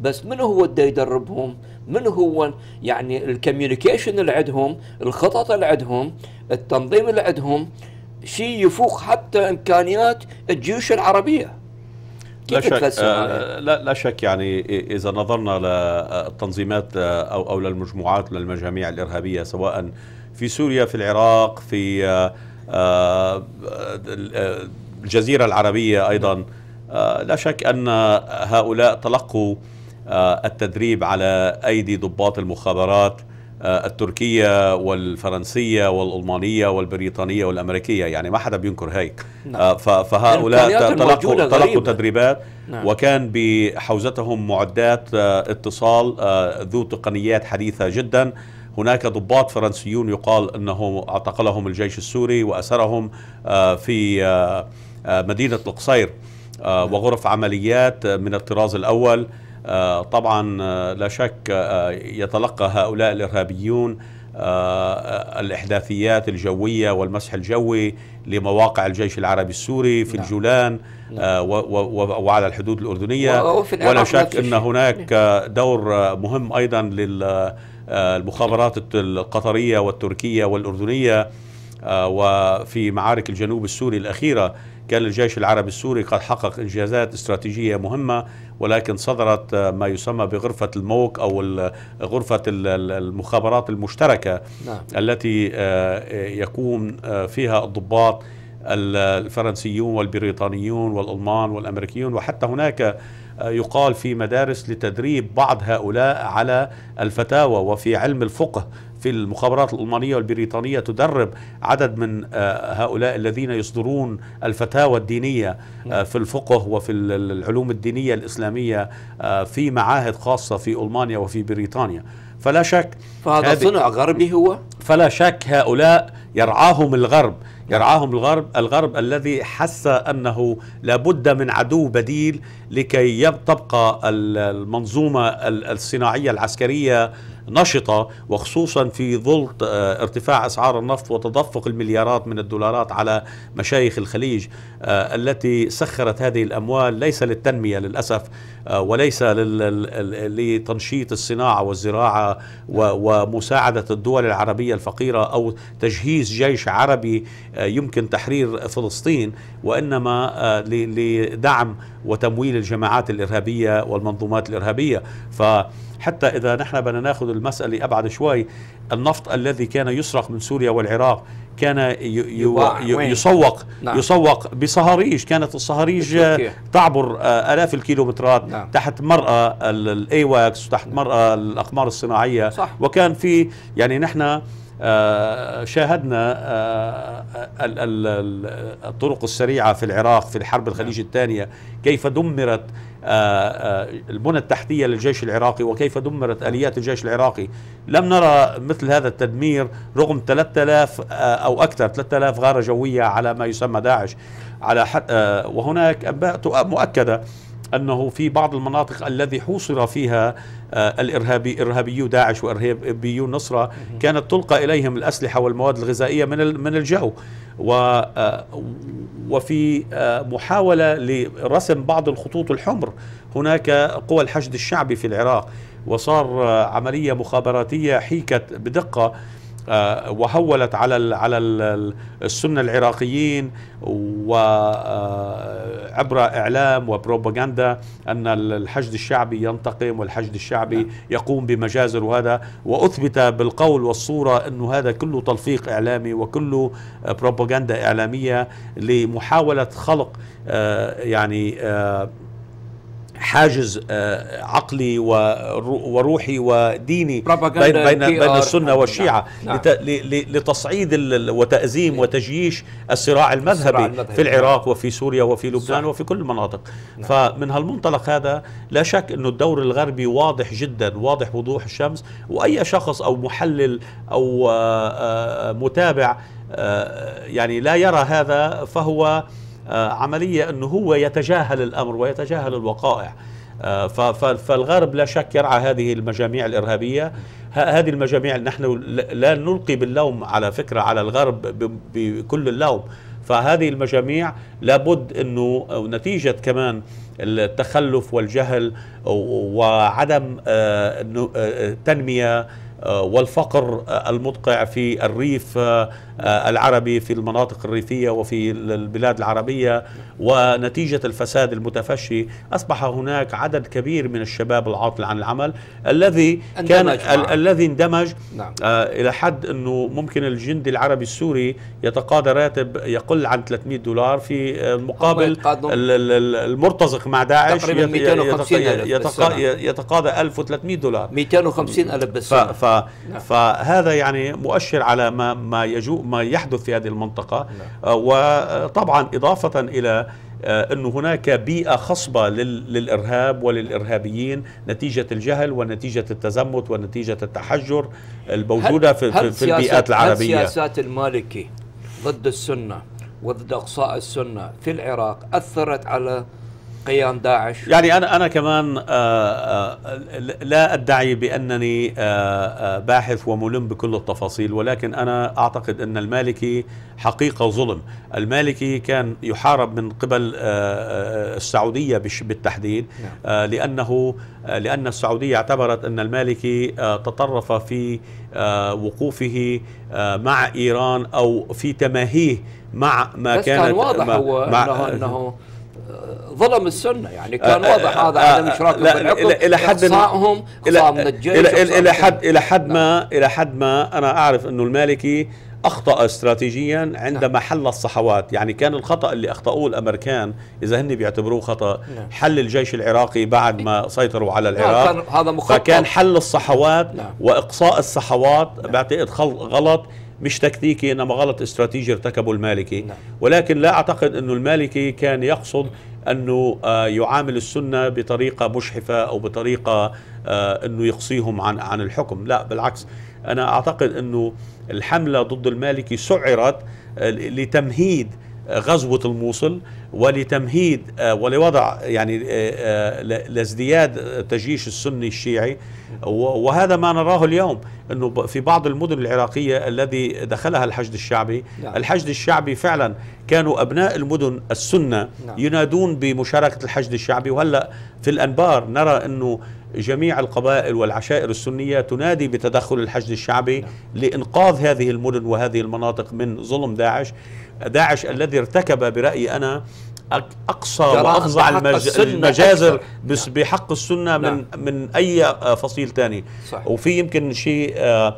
بس من هو اللي يدربهم من هو يعني الكوميونيكيشن اللي عندهم الخطط اللي عندهم التنظيم اللي عندهم شيء يفوق حتى امكانيات الجيوش العربيه لا شك آه لا, لا شك يعني اذا نظرنا للتنظيمات آه، او او للمجموعات للمجاميع الارهابيه سواء في سوريا في العراق في آه، آه، الجزيره العربيه ايضا لا شك ان هؤلاء تلقوا التدريب على ايدي ضباط المخابرات آه، التركية والفرنسية والألمانية والبريطانية والأمريكية يعني ما حدا بينكر هيك نعم. آه، فهؤلاء تلقوا, تلقوا تدريبات نعم. وكان بحوزتهم معدات آه، اتصال ذو تقنيات حديثة جدا هناك ضباط فرنسيون يقال أنه اعتقلهم الجيش السوري وأسرهم في مدينة القصير وغرف عمليات من الطراز الأول آه، طبعا آه، لا شك آه، يتلقى هؤلاء الإرهابيون الإحداثيات الجوية والمسح الجوي لمواقع الجيش العربي السوري في نعم. الجولان نعم. وعلى الحدود الأردنية ولا شك أن هناك نعم. دور مهم أيضا للمخابرات القطرية والتركية والأردنية وفي معارك الجنوب السوري الأخيرة قال الجيش العربي السوري قد حقق إنجازات استراتيجية مهمة ولكن صدرت ما يسمى بغرفة الموك أو غرفة المخابرات المشتركة نعم. التي آه، يكون آه، فيها الضباط الفرنسيون والبريطانيون والألمان والأمريكيون وحتى هناك آه، يقال في مدارس لتدريب بعض هؤلاء على الفتاوى وفي علم الفقه في المخابرات الألمانية والبريطانية تدرب عدد من آه، هؤلاء الذين يصدرون الفتاوى الدينية آه، في الفقه وفي العلوم الدينية الإسلامية آه، في معاهد خاصة في ألمانيا وفي بريطانيا فلا شك فهذا صنع غربي هو فلا شك هؤلاء يرعاهم الغرب يرعاهم الغرب الغرب الذي حس أنه لابد من عدو بديل لكي تبقى المنظومة الصناعية العسكرية نشطة وخصوصا في ظل آه، ارتفاع أسعار النفط وتدفق المليارات من الدولارات على مشايخ الخليج آه، التي سخرت هذه الأموال ليس للتنمية للأسف آه، وليس لتنشيط الصناعة والزراعة ومساعدة الدول العربية الفقيرة أو تجهيز جيش عربي يمكن تحرير فلسطين وإنما لدعم وتمويل الجماعات الإرهابية والمنظومات الإرهابية ف حتى إذا نحن بدنا ناخذ المسألة أبعد شوي النفط الذي كان يسرق من سوريا والعراق كان يسوق نعم. يسوق بصهاريج كانت الصهاريج تعبر آه، آلاف الكيلومترات نعم. تحت مرأة الأيواكس وتحت نعم. مرأة الأقمار الصناعية صح. وكان في يعني نحن آه، شاهدنا آه، الطرق السريعة في العراق في الحرب نعم. الخليج الثانية كيف دمرت آه، البنى التحتية للجيش العراقي وكيف دمرت آليات الجيش العراقي لم نرى مثل هذا التدمير رغم 3000 أو أكثر 3000 غارة جوية على ما يسمى داعش على وهناك أنباء مؤكدة أنه في بعض المناطق الذي حوصر فيها آه، الإرهابي إرهابيو داعش وإرهابيو نصرة كانت تلقى إليهم الأسلحة والمواد الغذائية من من الجو و آه، وفي آه، محاولة لرسم بعض الخطوط الحمر هناك قوى الحشد الشعبي في العراق وصار عملية مخابراتية حيكت بدقة آه، وهولت على على السنه العراقيين وعبر آه، اعلام وبروباغندا ان الحشد الشعبي ينتقم والحشد الشعبي نعم. يقوم بمجازر وهذا واثبت بالقول والصوره انه هذا كله تلفيق اعلامي وكله آه، بروباغندا اعلاميه لمحاوله خلق يعني حاجز آه، عقلي وروحي وديني بين بين بين السنه والشيعه نعم. نعم. لتصعيد وتازيم وتجييش الصراع المذهبي, الصراع المذهبي في العراق نعم. وفي سوريا وفي لبنان وفي كل المناطق نعم. فمن هالمنطلق هذا لا شك انه الدور الغربي واضح جدا واضح وضوح الشمس واي شخص او محلل او آه، آه، متابع يعني لا يرى هذا فهو آه، عملية أنه هو يتجاهل الأمر ويتجاهل الوقائع آه، فالغرب لا شك يرعى هذه المجاميع الإرهابية هذه المجاميع نحن لا نلقي باللوم على فكرة على الغرب بكل اللوم فهذه المجاميع لابد أنه نتيجة كمان التخلف والجهل وعدم آه، تنمية آه، والفقر آه، المدقع في الريف آه، العربي في المناطق الريفية وفي البلاد العربية ونتيجة الفساد المتفشي أصبح هناك عدد كبير من الشباب العاطل عن العمل الذي كان الذي اندمج نعم. إلى حد أنه ممكن الجندي العربي السوري يتقاضى راتب يقل عن 300 دولار في مقابل المرتزق مع داعش تقريبا 250 يتقاضى 1300 دولار 250 ألف بالسنة نعم. فهذا يعني مؤشر على ما ما يجو ما يحدث في هذه المنطقه نعم. آه، وطبعا اضافه الى آه، أن هناك بيئة خصبة للإرهاب وللإرهابيين نتيجة الجهل ونتيجة التزمت ونتيجة التحجر الموجودة في, هل في البيئات العربية هل سياسات المالكي ضد السنة وضد أقصاء السنة في العراق أثرت على قيام داعش يعني انا انا كمان آه، آه، لا ادعي بانني آه، باحث وملم بكل التفاصيل ولكن انا اعتقد ان المالكي حقيقه ظلم، المالكي كان يحارب من قبل السعوديه بالتحديد نعم. لانه لان السعوديه اعتبرت ان المالكي تطرف في وقوفه مع ايران او في تماهيه مع ما بس كانت كان واضح هو مع انه, أنه ظلم السنه يعني كان آه، واضح آه، هذا آه، عدم اشراكهم بالحكم الى حد اقصائهم الى من الجيش الى حد الى حد ما نعم. الى حد ما انا اعرف انه المالكي اخطا استراتيجيا عندما نعم. حل الصحوات يعني كان الخطا اللي اخطاوه الامريكان اذا هن بيعتبروه خطا نعم. حل الجيش العراقي بعد ما سيطروا على نعم، العراق نعم. هذا مخطط فكان حل الصحوات نعم. واقصاء الصحوات نعم. بعتقد غلط مش تكتيكي انما غلط استراتيجي ارتكبه المالكي نعم. ولكن لا اعتقد انه المالكي كان يقصد انه آه، يعامل السنه بطريقه مشحفه او بطريقه آه، انه يقصيهم عن عن الحكم لا بالعكس انا اعتقد انه الحمله ضد المالكي سعرت آه، لتمهيد غزوة الموصل ولتمهيد آه، ولوضع يعني آه، آه، لازدياد التجيش السني الشيعي وهذا ما نراه اليوم انه في بعض المدن العراقيه الذي دخلها الحشد الشعبي نعم. الحشد الشعبي فعلا كانوا ابناء المدن السنه نعم. ينادون بمشاركه الحشد الشعبي وهلا في الانبار نرى انه جميع القبائل والعشائر السنيه تنادي بتدخل الحشد الشعبي نعم. لانقاذ هذه المدن وهذه المناطق من ظلم داعش داعش الذي ارتكب برأيي أنا اقصى وافظع المج... المجازر بس نعم. بحق السنه من نعم. من اي فصيل ثاني وفي يمكن شيء آه،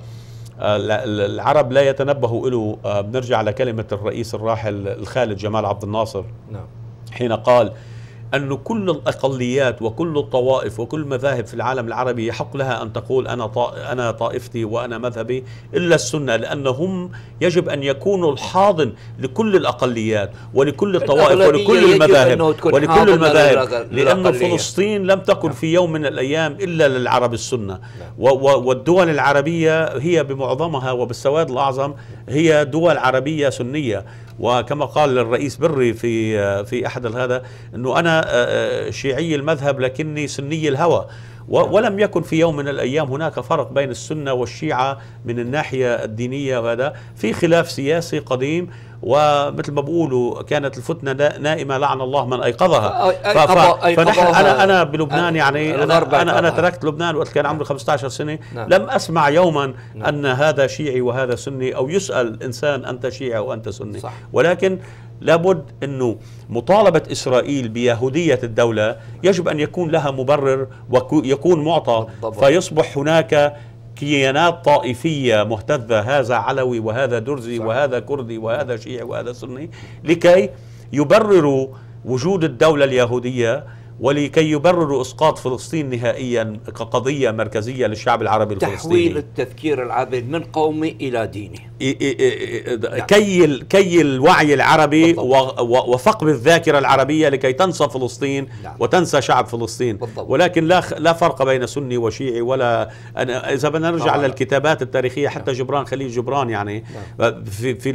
آه، العرب لا يتنبهوا له آه، بنرجع لكلمه الرئيس الراحل الخالد جمال عبد الناصر نعم. حين قال أن كل الأقليات وكل الطوائف وكل المذاهب في العالم العربي يحق لها أن تقول أنا أنا طائفتي وأنا مذهبي إلا السنة لأنهم يجب أن يكونوا الحاضن لكل الأقليات ولكل الطوائف ولكل المذاهب ولكل المذاهب لأن فلسطين لم تكن في يوم من الأيام إلا للعرب السنة نعم. والدول العربية هي بمعظمها وبالسواد الأعظم هي دول عربية سنية وكما قال الرئيس بري في في احد هذا انه انا آه، آه، شيعي المذهب لكني سني الهوى ولم يكن في يوم من الايام هناك فرق بين السنه والشيعه من الناحيه الدينيه وهذا في خلاف سياسي قديم ومثل ما بقولوا كانت الفتنه نائمه لعن الله من ايقظها فنحن انا انا بلبنان يعني انا انا, أنا تركت لبنان وقت كان عمري 15 سنه نعم. لم اسمع يوما نعم. ان هذا شيعي وهذا سني او يسال انسان انت شيعي او انت سني صح. ولكن لابد انه مطالبه اسرائيل بيهوديه الدوله يجب ان يكون لها مبرر ويكون معطى فيصبح هناك كيانات طائفية مهتزة هذا علوي وهذا درزي صح. وهذا كردي وهذا شيعي وهذا سني لكي يبرروا وجود الدولة اليهودية ولكي يبرروا اسقاط فلسطين نهائيا كقضيه مركزيه للشعب العربي تحويل الفلسطيني تحويل التفكير العربي من قومي الى ديني كي كي الوعي العربي وفقد الذاكره العربيه لكي تنسى فلسطين نعم. وتنسى شعب فلسطين بالضبط. ولكن لا لا فرق بين سني وشيعي ولا أنا اذا بدنا نرجع طبعا. للكتابات التاريخيه حتى نعم. جبران خليل جبران يعني نعم. في في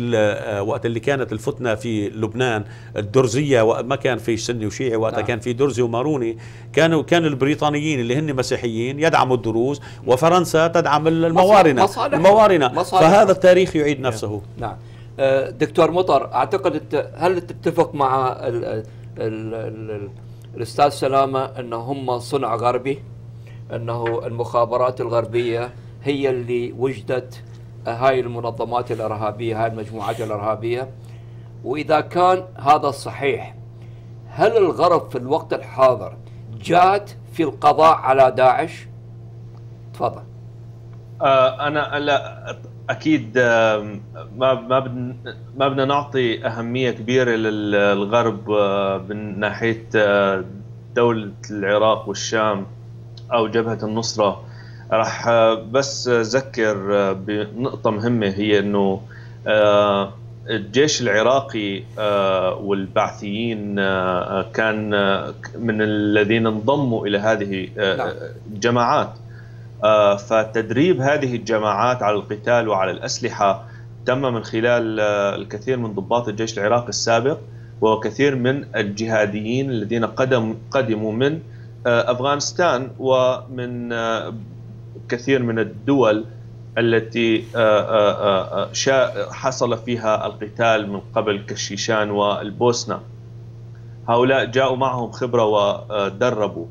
وقت اللي كانت الفتنه في لبنان الدرزيه ما كان في سني وشيعي وقتها نعم. كان في درزي وما الماروني كانوا كان البريطانيين اللي هن مسيحيين يدعموا الدروز وفرنسا تدعم الموارنه مصالح الموارنه مصالح فهذا التاريخ يعيد نعم. نفسه نعم آه، دكتور مطر اعتقد هل تتفق مع الـ الـ الـ الاستاذ سلامه ان هم صنع غربي انه المخابرات الغربيه هي اللي وجدت هاي المنظمات الارهابيه هاي المجموعات الارهابيه واذا كان هذا صحيح هل الغرب في الوقت الحاضر جاد في القضاء على داعش؟ تفضل. آه، انا لا اكيد آه، ما ما ما بدنا نعطي اهميه كبيره للغرب آه، من ناحيه دوله العراق والشام او جبهه النصره راح بس اذكر بنقطه مهمه هي انه الجيش العراقي آه، والبعثيين آه، آه، كان من الذين انضموا الى هذه الجماعات نعم. فتدريب هذه الجماعات على القتال وعلى الاسلحه تم من خلال الكثير من ضباط الجيش العراقي السابق وكثير من الجهاديين الذين قدم قدموا من افغانستان ومن كثير من الدول التي آه، آه، آه، حصل فيها القتال من قبل كشيشان والبوسنة هؤلاء جاءوا معهم خبرة ودربوا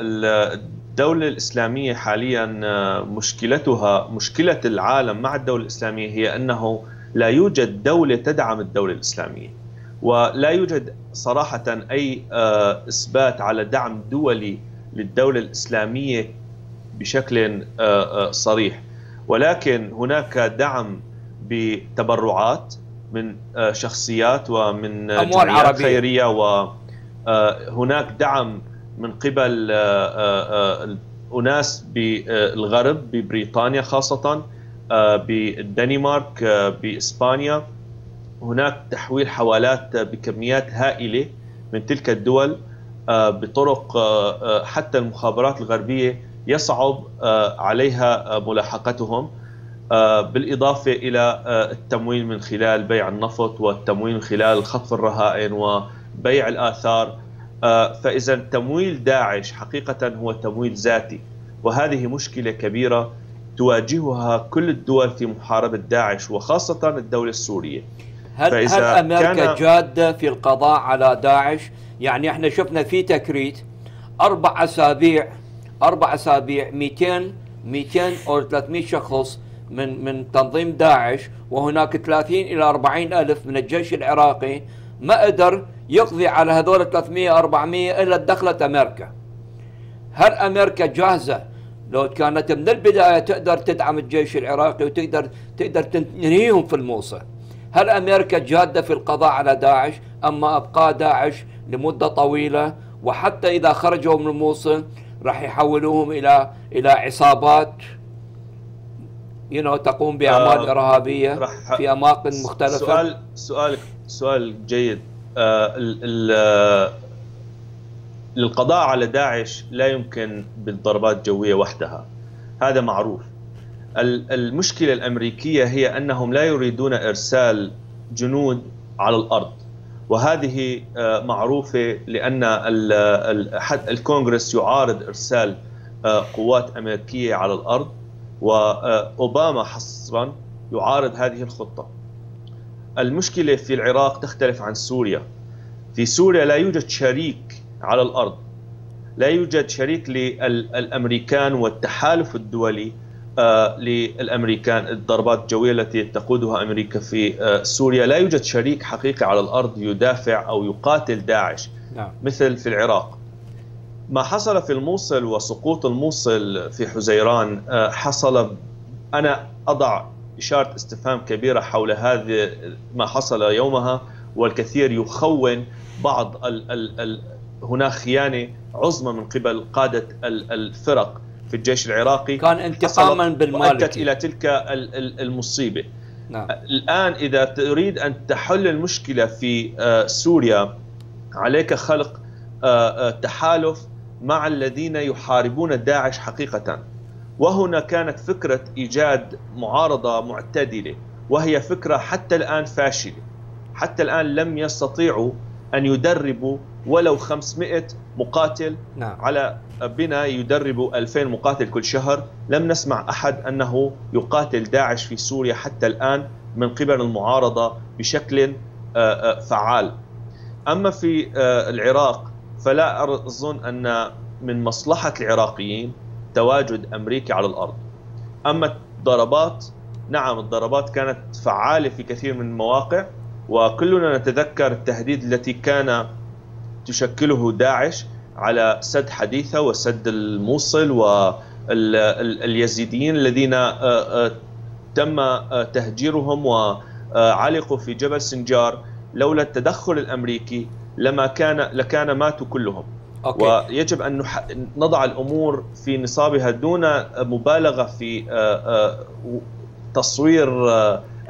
الدولة الإسلامية حاليا مشكلتها مشكلة العالم مع الدولة الإسلامية هي أنه لا يوجد دولة تدعم الدولة الإسلامية ولا يوجد صراحة أي إثبات على دعم دولي للدولة الإسلامية بشكل صريح ولكن هناك دعم بتبرعات من آه، شخصيات ومن آه، أموال عربية. خيرية وهناك آه، دعم من قبل أناس بالغرب ببريطانيا خاصة بالدنمارك بإسبانيا هناك تحويل حوالات بكميات هائلة من تلك الدول بطرق حتى المخابرات الغربية يصعب آه، عليها آه، ملاحقتهم آه، بالإضافة إلى التموين من خلال بيع النفط والتموين من خلال خطف الرهائن وبيع الآثار فإذا تمويل داعش حقيقة هو تمويل ذاتي وهذه مشكلة كبيرة تواجهها كل الدول في محاربة داعش وخاصة الدولة السورية هل, هل أمريكا كان... جادة في القضاء على داعش؟ يعني احنا شفنا في تكريت أربع أسابيع اربع اسابيع 200 200 او 300 شخص من من تنظيم داعش وهناك 30 الى 40 الف من الجيش العراقي ما قدر يقضي على هذول 300 400 الا دخلت امريكا. هل امريكا جاهزه لو كانت من البدايه تقدر تدعم الجيش العراقي وتقدر تقدر تنهيهم في الموصل؟ هل امريكا جاده في القضاء على داعش اما ابقاء داعش لمده طويله وحتى اذا خرجوا من الموصل راح يحولوهم الى الى عصابات يو you know, تقوم باعمال آه ارهابيه رح في اماكن مختلفه سؤال سؤال سؤال جيد آه،, آه القضاء على داعش لا يمكن بالضربات الجويه وحدها هذا معروف المشكلة الأمريكية هي أنهم لا يريدون إرسال جنود على الأرض وهذه آه، معروفة لأن الكونغرس يعارض إرسال آه، قوات أمريكية على الأرض وأوباما آه، حصرا يعارض هذه الخطة المشكلة في العراق تختلف عن سوريا في سوريا لا يوجد شريك على الأرض لا يوجد شريك للأمريكان والتحالف الدولي آه، للامريكان الضربات الجويه التي تقودها امريكا في آه، سوريا لا يوجد شريك حقيقي على الارض يدافع او يقاتل داعش نعم. مثل في العراق ما حصل في الموصل وسقوط الموصل في حزيران آه، حصل انا اضع اشاره استفهام كبيره حول هذا ما حصل يومها والكثير يخون بعض ال ال ال هناك خيانه عظمى من قبل قاده الفرق في الجيش العراقي كان انتقاما بالمالكي وأدت إلى تلك المصيبة نعم. الآن إذا تريد أن تحل المشكلة في آه، سوريا عليك خلق آه، آه، تحالف مع الذين يحاربون داعش حقيقة وهنا كانت فكرة إيجاد معارضة معتدلة وهي فكرة حتى الآن فاشلة حتى الآن لم يستطيعوا أن يدربوا ولو 500 مقاتل نعم. على بنا يدرب 2000 مقاتل كل شهر لم نسمع أحد أنه يقاتل داعش في سوريا حتى الآن من قبل المعارضة بشكل آه، آه، فعال أما في آه، العراق فلا أظن أن من مصلحة العراقيين تواجد أمريكي على الأرض أما الضربات نعم الضربات كانت فعالة في كثير من المواقع وكلنا نتذكر التهديد التي كان تشكله داعش على سد حديثة وسد الموصل واليزيديين الذين آه، آه، تم آه، تهجيرهم وعلقوا في جبل سنجار لولا التدخل الامريكي لما كان لكان ماتوا كلهم أوكي. ويجب ان نضع الامور في نصابها دون مبالغه في تصوير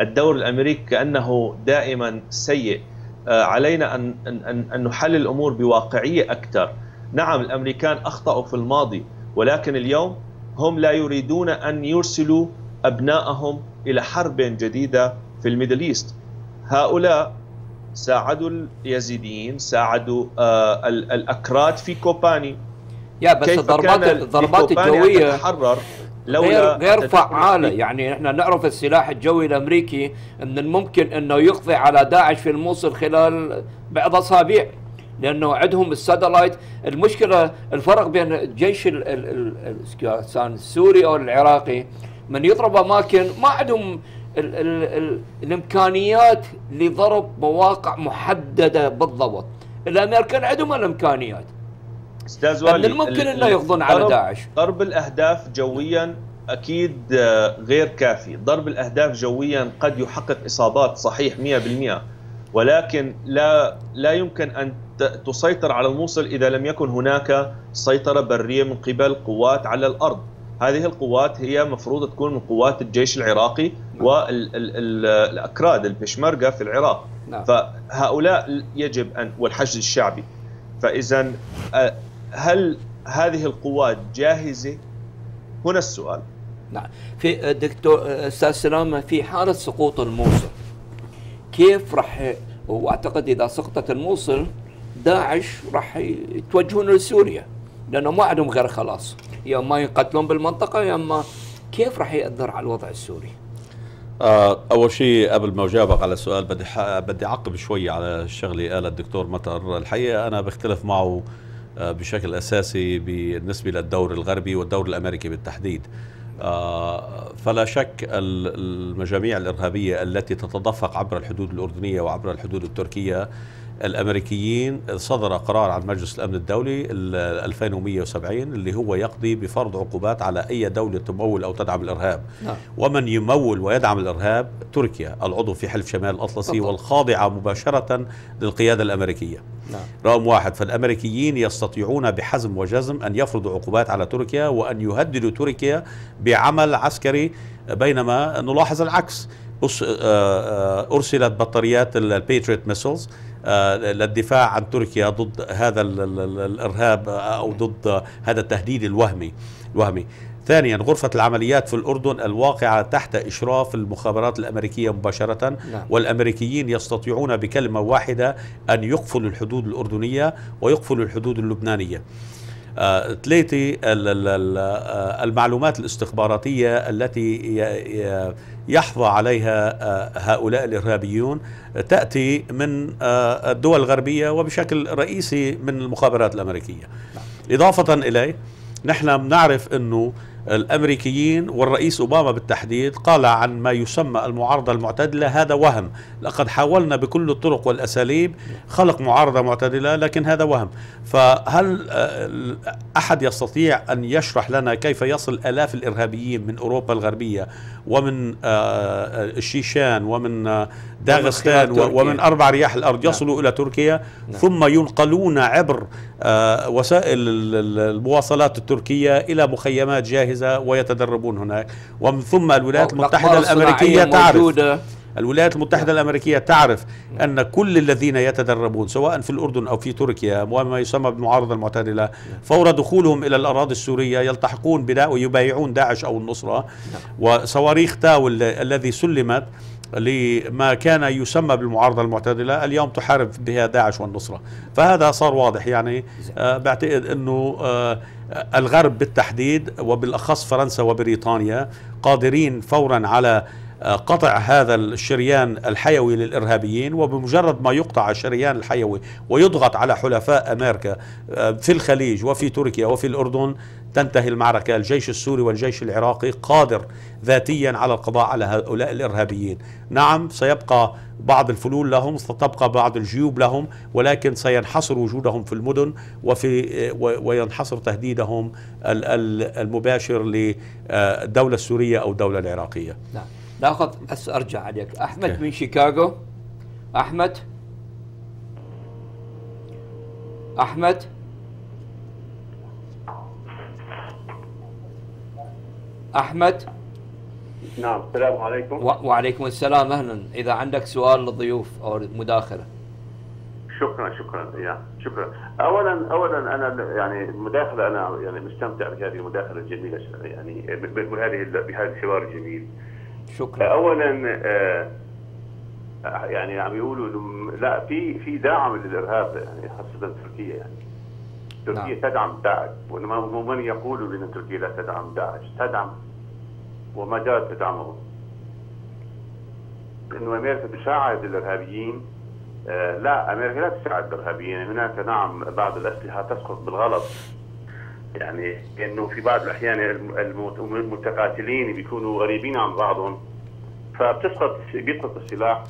الدور الامريكي كانه دائما سيء علينا ان ان ان نحلل الامور بواقعيه اكثر نعم الأمريكان أخطأوا في الماضي ولكن اليوم هم لا يريدون أن يرسلوا أبنائهم إلى حرب جديدة في الميدل إيست هؤلاء ساعدوا اليزيديين ساعدوا آه الأكراد في كوباني يا بس الضربات الضربات الجوية تتحرر لولا غير غير فعاله يعني احنا نعرف السلاح الجوي الامريكي من الممكن انه يقضي على داعش في الموصل خلال بعض اسابيع لانه عندهم الساتلايت المشكله الفرق بين الجيش السوري او العراقي من يضرب اماكن ما عندهم الـ الـ الـ الامكانيات لضرب مواقع محدده بالضبط الامريكان عندهم الامكانيات استاذ والي من الممكن انه يقضون على داعش ضرب الاهداف جويا اكيد آه، غير كافي ضرب الاهداف جويا قد يحقق اصابات صحيح 100% ولكن لا لا يمكن ان تسيطر على الموصل اذا لم يكن هناك سيطره بريه من قبل قوات على الارض هذه القوات هي مفروض تكون من قوات الجيش العراقي نعم. والاكراد البشمركه في العراق نعم. فهؤلاء يجب ان والحشد الشعبي فاذا هل هذه القوات جاهزه هنا السؤال نعم في دكتور استاذ سلامه في حاله سقوط الموصل كيف راح واعتقد اذا سقطت الموصل داعش راح يتوجهون لسوريا لانه ما عندهم غير خلاص يا اما يقتلون بالمنطقه يا اما كيف راح ياثر على الوضع السوري؟ آه اول شيء قبل ما اجاوبك على السؤال بدي بدي اعقب شوي على الشغله قالها الدكتور مطر، الحقيقه انا بختلف معه آه، بشكل اساسي بالنسبه للدور الغربي والدور الامريكي بالتحديد. فلا شك المجاميع الإرهابية التي تتدفق عبر الحدود الأردنية وعبر الحدود التركية الامريكيين صدر قرار عن مجلس الامن الدولي 2170 اللي هو يقضي بفرض عقوبات على اي دوله تمول او تدعم الارهاب نعم. ومن يمول ويدعم الارهاب تركيا العضو في حلف شمال الاطلسي طبعا. والخاضعه مباشره للقياده الامريكيه نعم. رقم واحد فالامريكيين يستطيعون بحزم وجزم ان يفرضوا عقوبات على تركيا وان يهددوا تركيا بعمل عسكري بينما نلاحظ العكس آه، آه، ارسلت بطاريات البيتريت ميسلز آه، للدفاع عن تركيا ضد هذا الارهاب او ضد هذا التهديد الوهمي الوهمي ثانيا غرفة العمليات في الأردن الواقعة تحت إشراف المخابرات الأمريكية مباشرة نعم. والأمريكيين يستطيعون بكلمة واحدة أن يقفلوا الحدود الأردنية ويقفلوا الحدود اللبنانية ثلاثة المعلومات الاستخباراتية التي يحظى عليها آه، هؤلاء الإرهابيون تأتي من آه، الدول الغربية وبشكل رئيسي من المخابرات الأمريكية نعم. إضافة إليه نحن بنعرف أنه الامريكيين والرئيس اوباما بالتحديد قال عن ما يسمى المعارضه المعتدله هذا وهم، لقد حاولنا بكل الطرق والاساليب خلق معارضه معتدله لكن هذا وهم، فهل آه، احد يستطيع ان يشرح لنا كيف يصل الاف الارهابيين من اوروبا الغربيه ومن آه، آه، الشيشان ومن آه، داغستان ومن أربع رياح الأرض نعم. يصلوا إلى تركيا نعم. ثم ينقلون عبر وسائل المواصلات التركية إلى مخيمات جاهزة ويتدربون هناك ومن ثم الولايات المتحدة الأمريكية تعرف الولايات المتحدة الأمريكية تعرف أن كل الذين يتدربون سواء في الأردن أو في تركيا وما يسمى بالمعارضة المعتدلة فور دخولهم إلى الأراضي السورية يلتحقون بناء ويبايعون داعش أو النصرة وصواريخ تاو الذي سلمت لما كان يسمى بالمعارضة المعتدلة اليوم تحارب بها داعش والنصرة فهذا صار واضح يعني آه بعتقد أنه آه الغرب بالتحديد وبالأخص فرنسا وبريطانيا قادرين فورا على قطع هذا الشريان الحيوي للإرهابيين وبمجرد ما يقطع الشريان الحيوي ويضغط على حلفاء أمريكا آه، في الخليج وفي تركيا وفي الأردن تنتهي المعركة الجيش السوري والجيش العراقي قادر ذاتيا على القضاء على هؤلاء الإرهابيين نعم سيبقى بعض الفلول لهم ستبقى بعض الجيوب لهم ولكن سينحصر وجودهم في المدن وفي آه، وينحصر تهديدهم المباشر للدولة السورية أو الدولة العراقية نعم. ناخذ بس ارجع عليك احمد من شيكاغو احمد احمد احمد نعم السلام عليكم و... وعليكم السلام اهلا اذا عندك سؤال للضيوف او مداخله شكرا شكرا يا شكرا اولا اولا انا يعني المداخله انا يعني مستمتع بهذه المداخله الجميله يعني بهذه بهذا الحوار الجميل شكرا اولا آه يعني عم يقولوا لا في في دعم للارهاب يعني خاصه تركيا يعني نعم. تركيا نعم. تدعم داعش وانما من يقول بان تركيا لا تدعم داعش تدعم وما زالت تدعمه انه امريكا تساعد الارهابيين آه لا امريكا لا تساعد الارهابيين يعني هناك نعم بعض الاسلحه تسقط بالغلط يعني انه في بعض الاحيان المتقاتلين بيكونوا غريبين عن بعضهم فبتسقط بيسقط السلاح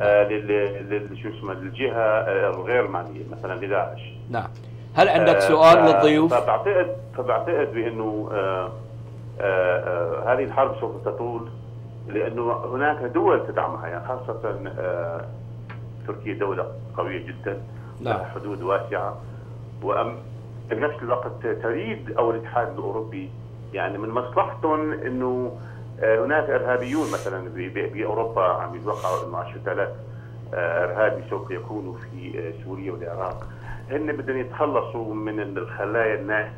آه، لل شو اسمه للجهه آه، الغير معنيه مثلا لداعش نعم هل آه، عندك سؤال آه للضيوف؟ فبعتقد فبعتقد بانه آه آه هذه الحرب سوف تطول لانه هناك دول تدعمها يعني خاصه تركيا دوله قويه جدا لها نعم. حدود واسعه وأم بنفس الوقت تريد او الاتحاد الاوروبي يعني من مصلحتهم انه آه، هناك ارهابيون مثلا باوروبا عم يتوقعوا انه 10000 آه، ارهابي سوف يكونوا في آه، سوريا والعراق هن بدهم يتخلصوا من الخلايا الناس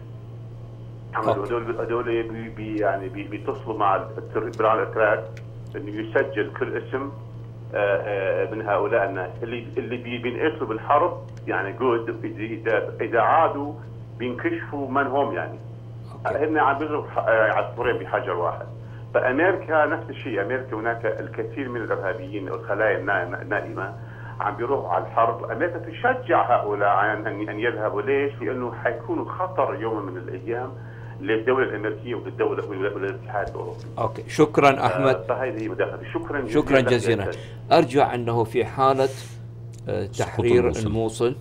هدول هدول بي يعني بيتصلوا مع البران الاتراك انه يسجل كل اسم من هؤلاء الناس اللي اللي بينقتلوا بالحرب يعني جود اذا اذا عادوا بينكشفوا من هم يعني هن عم بيضربوا آه، على بحجر واحد فامريكا نفس الشيء امريكا هناك الكثير من الارهابيين الخلايا النائمه عم بيروحوا على الحرب امريكا تشجع هؤلاء عن ان يذهبوا ليش؟ لانه حيكونوا خطر يوم من الايام للدولة الأمريكية وللدولة وللاتحاد الأوروبي. أوكي، شكرا آه، أحمد. فهذه هي شكرا جزيلا. شكرا جزيلا. أرجع أنه في حالة آه، تحرير الموصل, الموصل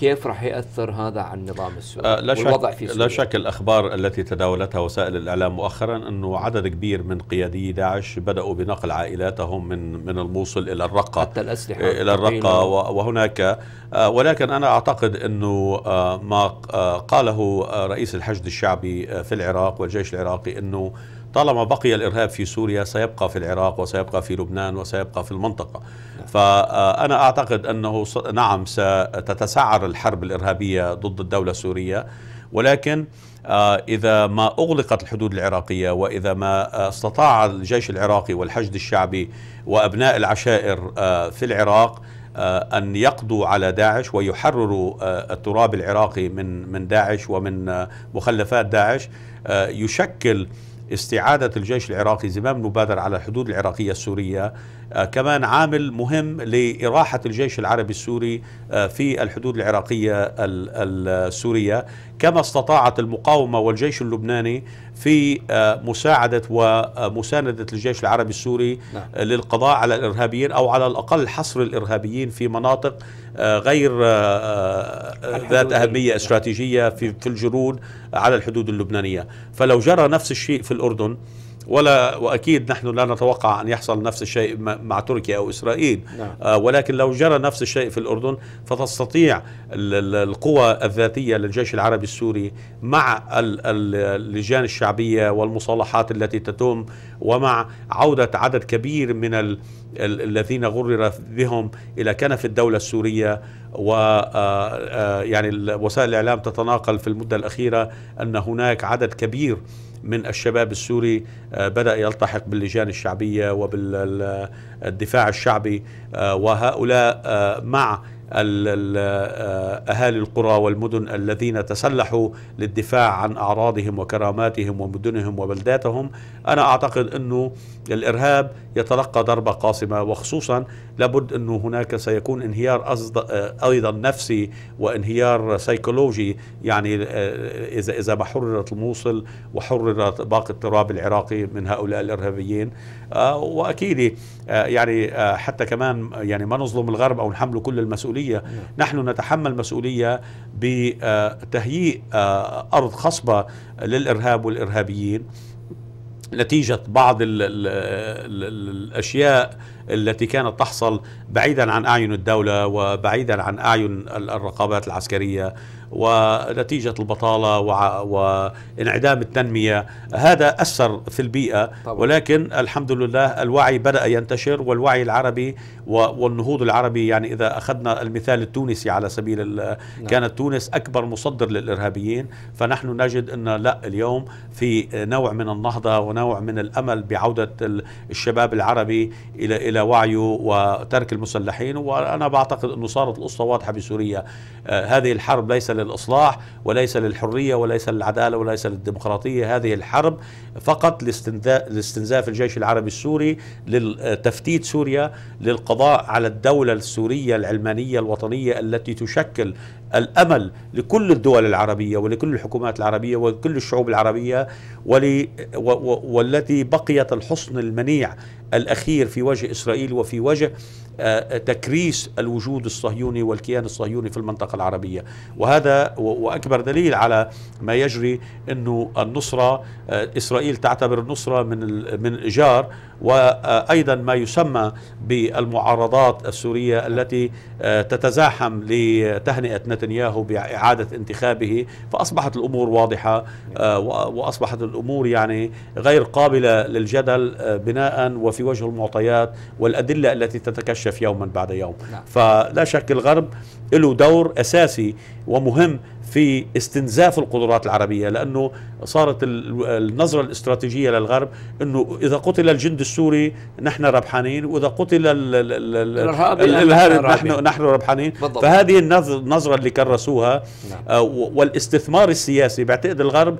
كيف راح ياثر هذا على النظام السوري آه لا والوضع في سوريا لا شك الاخبار التي تداولتها وسائل الاعلام مؤخرا انه عدد كبير من قيادي داعش بداوا بنقل عائلاتهم من من الموصل الى الرقه حتى الاسلحه الى الرقه وهناك آه، ولكن انا اعتقد انه آه، ما آه، قاله رئيس الحشد الشعبي في العراق والجيش العراقي انه طالما بقي الإرهاب في سوريا سيبقى في العراق وسيبقى في لبنان وسيبقى في المنطقة فأنا أعتقد أنه نعم ستتسعر الحرب الإرهابية ضد الدولة السورية ولكن آه، إذا ما أغلقت الحدود العراقية وإذا ما آه، استطاع الجيش العراقي والحشد الشعبي وأبناء العشائر آه، في العراق أن يقضوا على داعش ويحرروا التراب العراقي من من داعش ومن مخلفات داعش يشكل استعادة الجيش العراقي زمام المبادرة على الحدود العراقية السورية آه، كمان عامل مهم لإراحة الجيش العربي السوري آه، في الحدود العراقية السورية كما استطاعت المقاومة والجيش اللبناني في آه، مساعدة ومساندة الجيش العربي السوري نعم. للقضاء على الإرهابيين أو على الأقل حصر الإرهابيين في مناطق غير ذات أهمية استراتيجية في الجنود على الحدود اللبنانية فلو جرى نفس الشيء في الأردن ولا واكيد نحن لا نتوقع ان يحصل نفس الشيء مع تركيا او اسرائيل نعم. آه ولكن لو جرى نفس الشيء في الاردن فتستطيع القوى الذاتيه للجيش العربي السوري مع اللجان الشعبيه والمصالحات التي تتم ومع عوده عدد كبير من الذين غرر بهم الى كنف الدوله السوريه و آه، آه، يعني وسائل الاعلام تتناقل في المده الاخيره ان هناك عدد كبير من الشباب السوري آه، بدأ يلتحق باللجان الشعبية وبالدفاع الشعبي آه، وهؤلاء آه، مع آه، أهالي القرى والمدن الذين تسلحوا للدفاع عن أعراضهم وكراماتهم ومدنهم وبلداتهم أنا أعتقد أنه الإرهاب يتلقى ضربة قاصمة وخصوصا لابد أنه هناك سيكون انهيار آه، أيضا نفسي وانهيار سيكولوجي يعني آه، إذا إذا ما حررت الموصل وحررت باقي التراب العراقي من هؤلاء الإرهابيين آه، واكيد آه، يعني آه، حتى كمان يعني ما نظلم الغرب او نحمله كل المسؤوليه نعم. نحن نتحمل مسؤوليه بتهيئ ارض خصبه للارهاب والارهابيين نتيجة بعض ال ال ال الأشياء التي كانت تحصل بعيدا عن أعين الدولة وبعيدا عن أعين الرقابات العسكرية ونتيجة البطالة وانعدام التنمية هذا أثر في البيئة ولكن الحمد لله الوعي بدأ ينتشر والوعي العربي والنهوض العربي يعني إذا أخذنا المثال التونسي على سبيل نعم. كانت تونس أكبر مصدر للإرهابيين فنحن نجد أن لا اليوم في نوع من النهضة ونوع من الأمل بعودة الشباب العربي إلى إلى وعيه وترك المسلحين وأنا بعتقد أنه صارت القصة واضحة بسوريا آه، هذه الحرب ليس للإصلاح وليس للحرية وليس للعدالة وليس للديمقراطية هذه الحرب فقط لاستنزاف الجيش العربي السوري لتفتيت سوريا للقضاء على الدولة السورية العلمانية الوطنية التي تشكل الأمل لكل الدول العربية ولكل الحكومات العربية ولكل الشعوب العربية ولي والتي بقيت الحصن المنيع الأخير في وجه إسرائيل وفي وجه آه، تكريس الوجود الصهيوني والكيان الصهيوني في المنطقة العربية وهذا وأكبر دليل على ما يجري أنه النصرة آه، إسرائيل تعتبر النصرة من من جار وأيضا ما يسمى بالمعارضات السورية التي آه، تتزاحم لتهنئة نتنياهو بإعادة انتخابه فأصبحت الأمور واضحة آه، وأصبحت الأمور يعني غير قابلة للجدل آه، بناء وفي وجه المعطيات والأدلة التي تتكشف يوما بعد يوم نعم. فلا شك الغرب له دور أساسي ومهم في استنزاف القدرات العربية لأنه صارت النظرة الاستراتيجية للغرب أنه إذا قتل الجند السوري نحن ربحانين وإذا قتل الإرهاب نحن, نحن ربحانين فهذه النظرة اللي كرسوها نعم. آه، والاستثمار السياسي بعتقد الغرب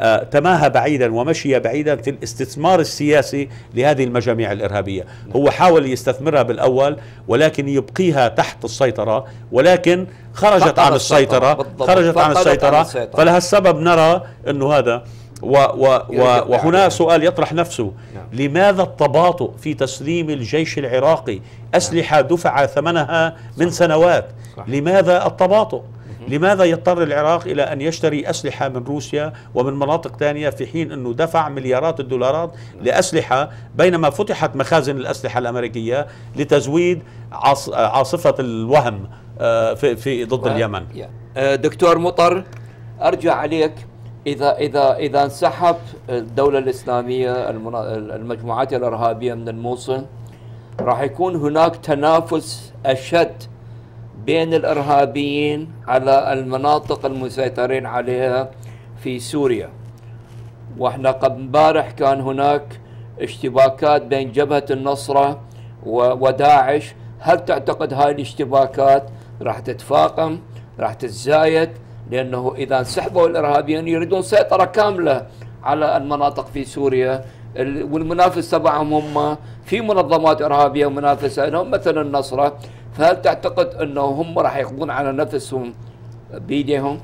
آه، تماهى بعيدا ومشي بعيدا في الاستثمار السياسي لهذه المجاميع الإرهابية نعم. هو حاول يستثمرها بالأول ولكن يبقيها تحت السيطرة ولكن خرجت عن السيطرة خرجت عن السيطرة فلهالسبب نرى أنه هذا و و و وهنا سؤال يطرح نفسه نعم. لماذا التباطؤ في تسليم الجيش العراقي نعم. أسلحة دفع ثمنها من سنوات لماذا التباطؤ لماذا يضطر العراق إلى أن يشتري أسلحة من روسيا ومن مناطق ثانية في حين أنه دفع مليارات الدولارات نعم. لأسلحة بينما فتحت مخازن الأسلحة الأمريكية لتزويد عاصفة الوهم آه، في في ضد اليمن آه، دكتور مطر ارجع عليك اذا اذا اذا انسحب الدوله الاسلاميه المجموعات الارهابيه من الموصل راح يكون هناك تنافس اشد بين الارهابيين على المناطق المسيطرين عليها في سوريا واحنا قبل امبارح كان هناك اشتباكات بين جبهه النصره وداعش هل تعتقد هاي الاشتباكات راح تتفاقم راح تتزايد لانه اذا سحبوا الارهابيين يريدون سيطره كامله على المناطق في سوريا والمنافس تبعهم هم في منظمات ارهابيه منافسه لهم مثل النصره فهل تعتقد انه هم راح يقضون على نفسهم بايديهم؟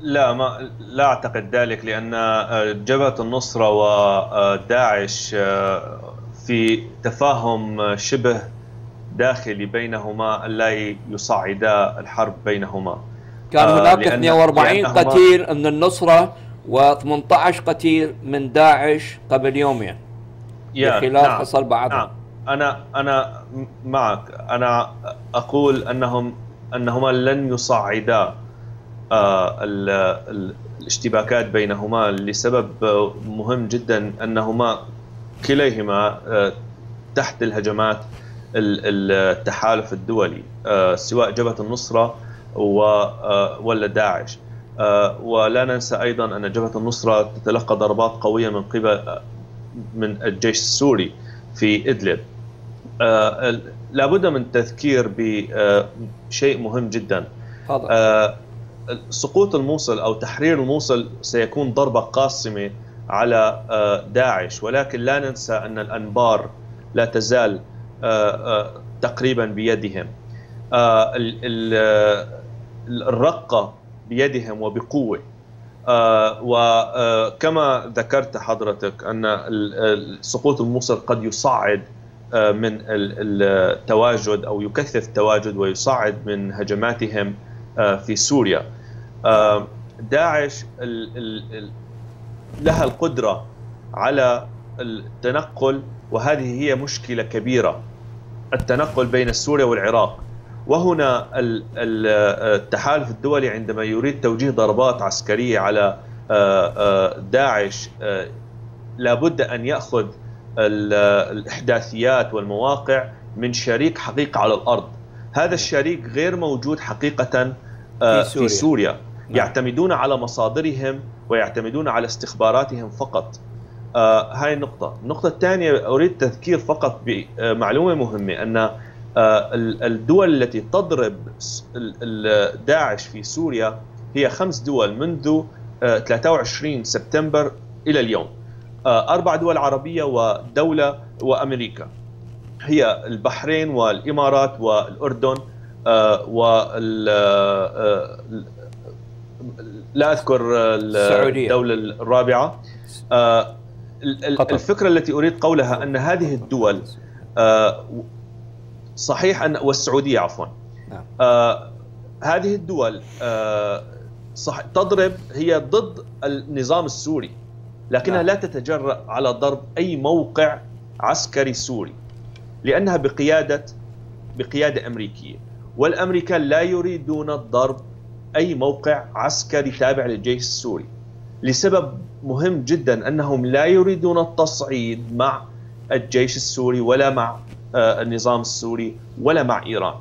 لا ما لا اعتقد ذلك لان آه، جبهه النصره وداعش آه، آه، في تفاهم شبه داخلي بينهما لا يصعدا الحرب بينهما كان آه، هناك 42 قتيل من النصرة و18 قتيل من داعش قبل يومين خلال نعم. حصل بعضهم نعم. أنا أنا معك أنا أقول أنهم أنهما لن يصعدا آه، الاشتباكات بينهما لسبب مهم جدا أنهما كليهما آه، تحت الهجمات التحالف الدولي آه، سواء جبهه النصره آه، ولا داعش آه، ولا ننسى ايضا ان جبهه النصره تتلقى ضربات قويه من قبل من الجيش السوري في ادلب لابد من التذكير بشيء مهم جدا سقوط الموصل او تحرير الموصل سيكون ضربه قاسمه على داعش ولكن لا ننسى ان الانبار لا تزال آه، آه، تقريبا بيدهم آه، الرقه بيدهم وبقوه وكما ذكرت حضرتك ان سقوط الموصل قد يصعد من التواجد او يكثف التواجد ويصعد من هجماتهم في سوريا داعش لها القدره على التنقل وهذه هي مشكله كبيره التنقل بين سوريا والعراق وهنا التحالف الدولي عندما يريد توجيه ضربات عسكريه على آه، آه، داعش آه، لابد ان ياخذ الاحداثيات والمواقع من شريك حقيقه على الارض هذا نعم. الشريك غير موجود حقيقه في سوريا, في سوريا. نعم. يعتمدون على مصادرهم ويعتمدون على استخباراتهم فقط آه هاي النقطة، النقطة الثانية أريد تذكير فقط بمعلومة مهمة أن آه الدول التي تضرب داعش في سوريا هي خمس دول منذ آه 23 سبتمبر إلى اليوم آه، أربع دول عربية ودولة وأمريكا هي البحرين والإمارات والأردن آه، وال آه، لا اذكر الدوله الرابعه آه قطر. الفكرة التي أريد قولها أن هذه الدول آه، صحيح أن والسعودية عفوا نعم. آه، هذه الدول آه، صح تضرب هي ضد النظام السوري لكنها نعم. لا تتجرأ على ضرب أي موقع عسكري سوري لأنها بقيادة بقيادة أمريكية والأمريكان لا يريدون ضرب أي موقع عسكري تابع للجيش السوري لسبب مهم جدا انهم لا يريدون التصعيد مع الجيش السوري ولا مع آه، النظام السوري ولا مع ايران.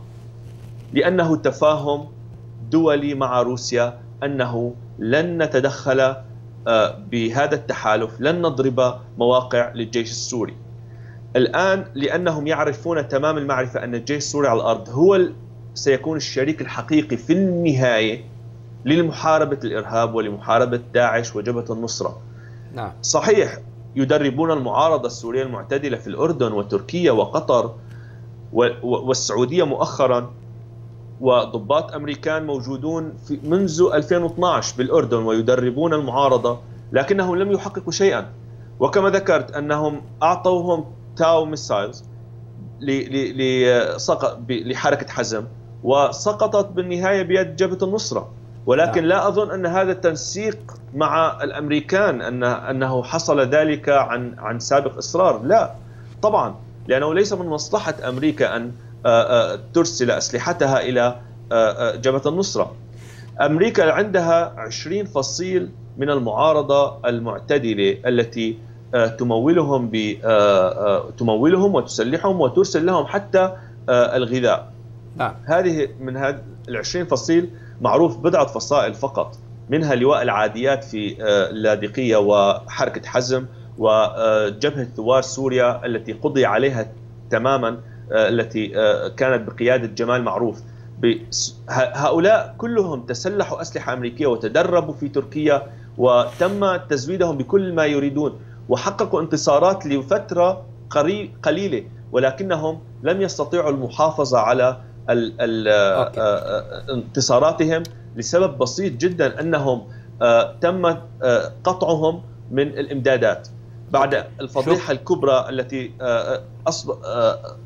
لانه تفاهم دولي مع روسيا انه لن نتدخل آه، بهذا التحالف، لن نضرب مواقع للجيش السوري. الان لانهم يعرفون تمام المعرفه ان الجيش السوري على الارض هو سيكون الشريك الحقيقي في النهايه لمحاربة الإرهاب ولمحاربة داعش وجبهة النصرة نعم. صحيح يدربون المعارضة السورية المعتدلة في الأردن وتركيا وقطر والسعودية مؤخرا وضباط أمريكان موجودون في منذ 2012 بالأردن ويدربون المعارضة لكنهم لم يحققوا شيئا وكما ذكرت أنهم أعطوهم تاو ميسايلز لحركة حزم وسقطت بالنهاية بيد جبهة النصرة ولكن نعم. لا اظن ان هذا التنسيق مع الامريكان ان انه حصل ذلك عن عن سابق اصرار لا طبعا لانه ليس من مصلحه امريكا ان ترسل اسلحتها الى جبهه النصره امريكا عندها 20 فصيل من المعارضه المعتدله التي تمولهم ب تمولهم وتسلحهم وترسل لهم حتى الغذاء نعم. هذه من هذه ال 20 فصيل معروف بضعة فصائل فقط منها لواء العاديات في آه، اللاذقية وحركة حزم وجبهة آه، ثوار سوريا التي قضي عليها تماما آه، التي كانت بقيادة جمال معروف هؤلاء كلهم تسلحوا أسلحة أمريكية وتدربوا في تركيا وتم تزويدهم بكل ما يريدون وحققوا انتصارات لفترة قليلة ولكنهم لم يستطيعوا المحافظة على ال آه، آه، آه، انتصاراتهم لسبب بسيط جدا انهم تم قطعهم من الامدادات بعد الفضيحه الكبرى التي نعم.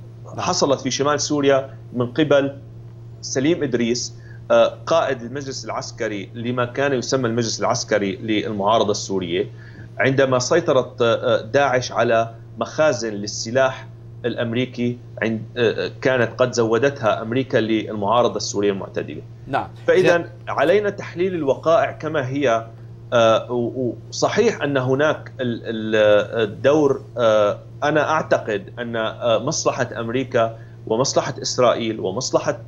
حصلت في شمال سوريا من قبل سليم ادريس قائد المجلس العسكري لما كان يسمى المجلس العسكري للمعارضه السوريه عندما سيطرت داعش على مخازن للسلاح الامريكي عند كانت قد زودتها امريكا للمعارضه السوريه المعتدله. نعم. فاذا علينا تحليل الوقائع كما هي آه، وصحيح ان هناك الدور آه، انا اعتقد ان آه، مصلحه امريكا ومصلحه اسرائيل ومصلحه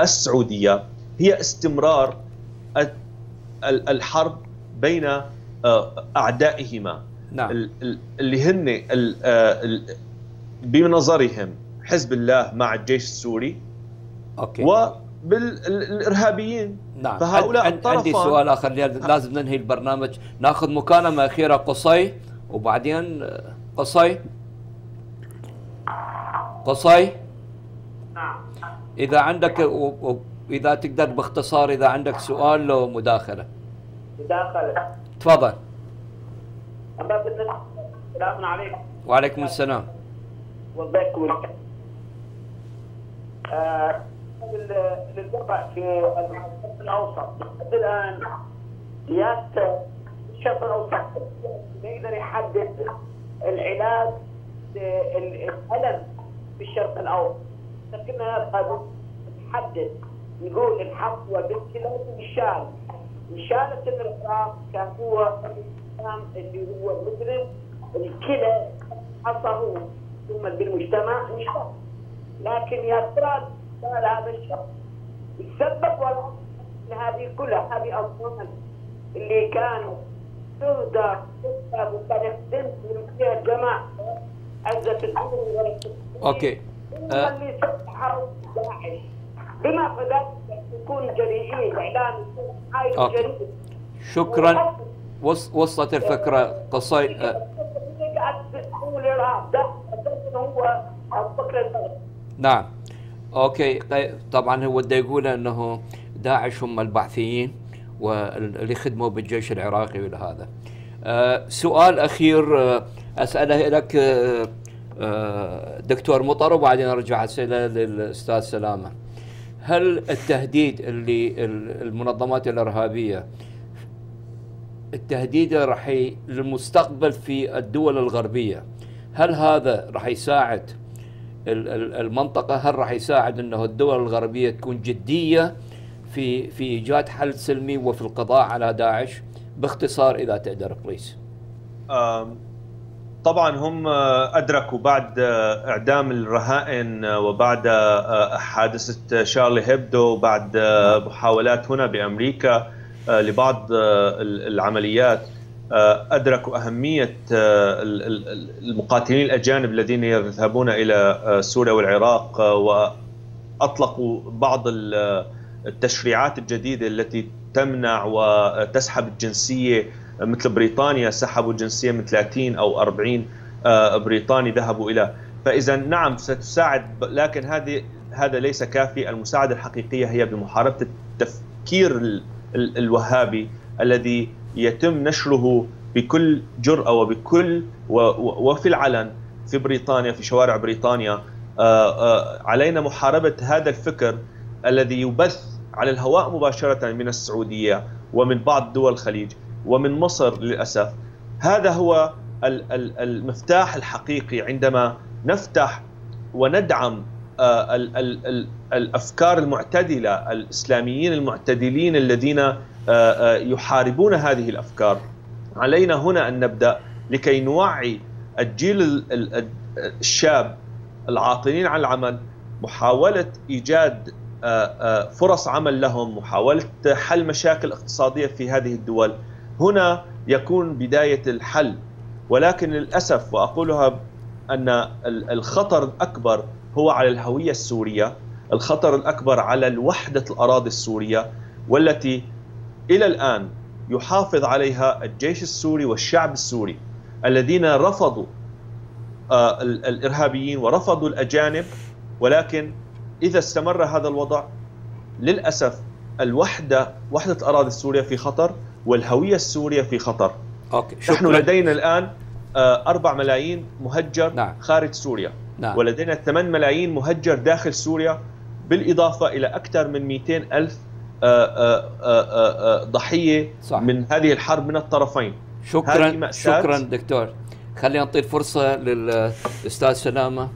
السعوديه هي استمرار الحرب بين اعدائهما نعم. اللي هن آه، بنظرهم حزب الله مع الجيش السوري اوكي وبالارهابيين نعم فهؤلاء الطرفان عندي سؤال اخر آه. لازم ننهي البرنامج ناخذ مكالمه اخيره قصي وبعدين آه، قصي قصي نعم اذا عندك واذا تقدر باختصار اذا عندك سؤال لو مداخله مداخله تفضل السلام عليكم وعليكم السلام والله يكون آه، للوضع في الشرق الاوسط الان سياسه الشرق الاوسط يقدر يحدد العلاج الالم في الشرق الاوسط لكننا يبقى تحدد نقول الحق والبنت لازم الشام مشانة الرقاق كان هو الاسلام اللي هو مذنب الكلى حصه ثم بالمجتمع انشاء لكن يا ترى هذا الشخص يتسبب ولا هذه كلها هذه اصلا اللي كانوا تهدى وكان يخدم من فيها الجماعه عزه الامر اوكي اللي سبحوا آه. داعش بما في ذلك يكون جريئين الاعلام يكون حايل شكرا وصلت الفكره قصي آه. نعم اوكي طبعا هو بده يقول انه داعش هم البعثيين واللي خدموا بالجيش العراقي والهذا أه سؤال اخير آه، اساله لك آه،, أه دكتور مطر وبعدين ارجع اسئله للاستاذ سلامه هل التهديد اللي المنظمات الارهابيه التهديد راح للمستقبل في الدول الغربية هل هذا راح يساعد المنطقة هل راح يساعد أنه الدول الغربية تكون جدية في في إيجاد حل سلمي وفي القضاء على داعش باختصار إذا تقدر بليز طبعا هم آه، أدركوا بعد آه، إعدام الرهائن آه، وبعد حادثة شارلي هيبدو وبعد محاولات هنا بأمريكا آه، لبعض آه، العمليات آه، أدركوا أهمية المقاتلين الأجانب الذين يذهبون إلى سوريا والعراق وأطلقوا بعض التشريعات الجديدة التي تمنع وتسحب الجنسية مثل بريطانيا سحبوا الجنسية من 30 أو 40 بريطاني ذهبوا إلى فإذا نعم ستساعد لكن هذه هذا ليس كافي المساعدة الحقيقية هي بمحاربة التفكير الوهابي الذي يتم نشره بكل جرأة وبكل وفي العلن في بريطانيا في شوارع بريطانيا آه، آه، علينا محاربة هذا الفكر الذي يبث على الهواء مباشرة من السعودية ومن بعض دول الخليج ومن مصر للأسف هذا هو المفتاح الحقيقي عندما نفتح وندعم آه، الافكار المعتدله الاسلاميين المعتدلين الذين آه، آه، يحاربون هذه الافكار علينا هنا ان نبدا لكي نوعي الجيل الشاب العاطلين عن العمل محاوله ايجاد فرص عمل لهم محاوله حل مشاكل اقتصاديه في هذه الدول هنا يكون بدايه الحل ولكن للاسف واقولها ان الخطر الاكبر هو على الهوية السورية الخطر الأكبر على الوحدة الأراضي السورية والتي إلى الآن يحافظ عليها الجيش السوري والشعب السوري الذين رفضوا آه، الإرهابيين ورفضوا الأجانب ولكن إذا استمر هذا الوضع للأسف الوحدة وحدة الأراضي السورية في خطر والهوية السورية في خطر أوكي. شكرا. نحن لدينا الآن 4 آه، ملايين مهجر نعم. خارج سوريا نعم. ولدينا 8 ملايين مهجر داخل سوريا بالإضافة إلى أكثر من 200 ألف آه، آه، آه، ضحية صح. من هذه الحرب من الطرفين شكرا شكرا دكتور خلينا نعطي الفرصة للأستاذ سلامة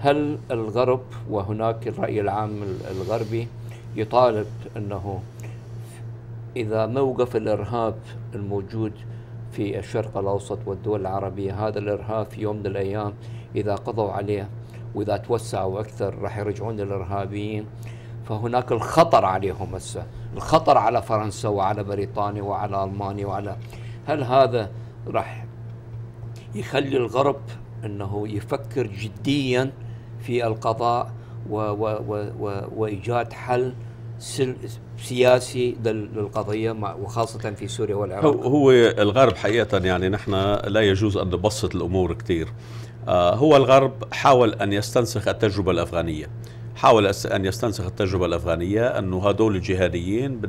هل الغرب وهناك الرأي العام الغربي يطالب أنه إذا موقف الإرهاب الموجود في الشرق الأوسط والدول العربية هذا الإرهاب في يوم من الأيام إذا قضوا عليه وإذا توسعوا أكثر راح يرجعون للإرهابيين فهناك الخطر عليهم هسه الخطر على فرنسا وعلى بريطانيا وعلى ألمانيا وعلى هل هذا راح يخلي الغرب أنه يفكر جديا في القضاء و و و و وإيجاد حل سياسي للقضية وخاصة في سوريا والعراق هو الغرب حقيقة يعني نحن لا يجوز أن نبسط الأمور كثير آه، هو الغرب حاول أن يستنسخ التجربة الأفغانية حاول أن يستنسخ التجربة الأفغانية انه هدول الجهاديين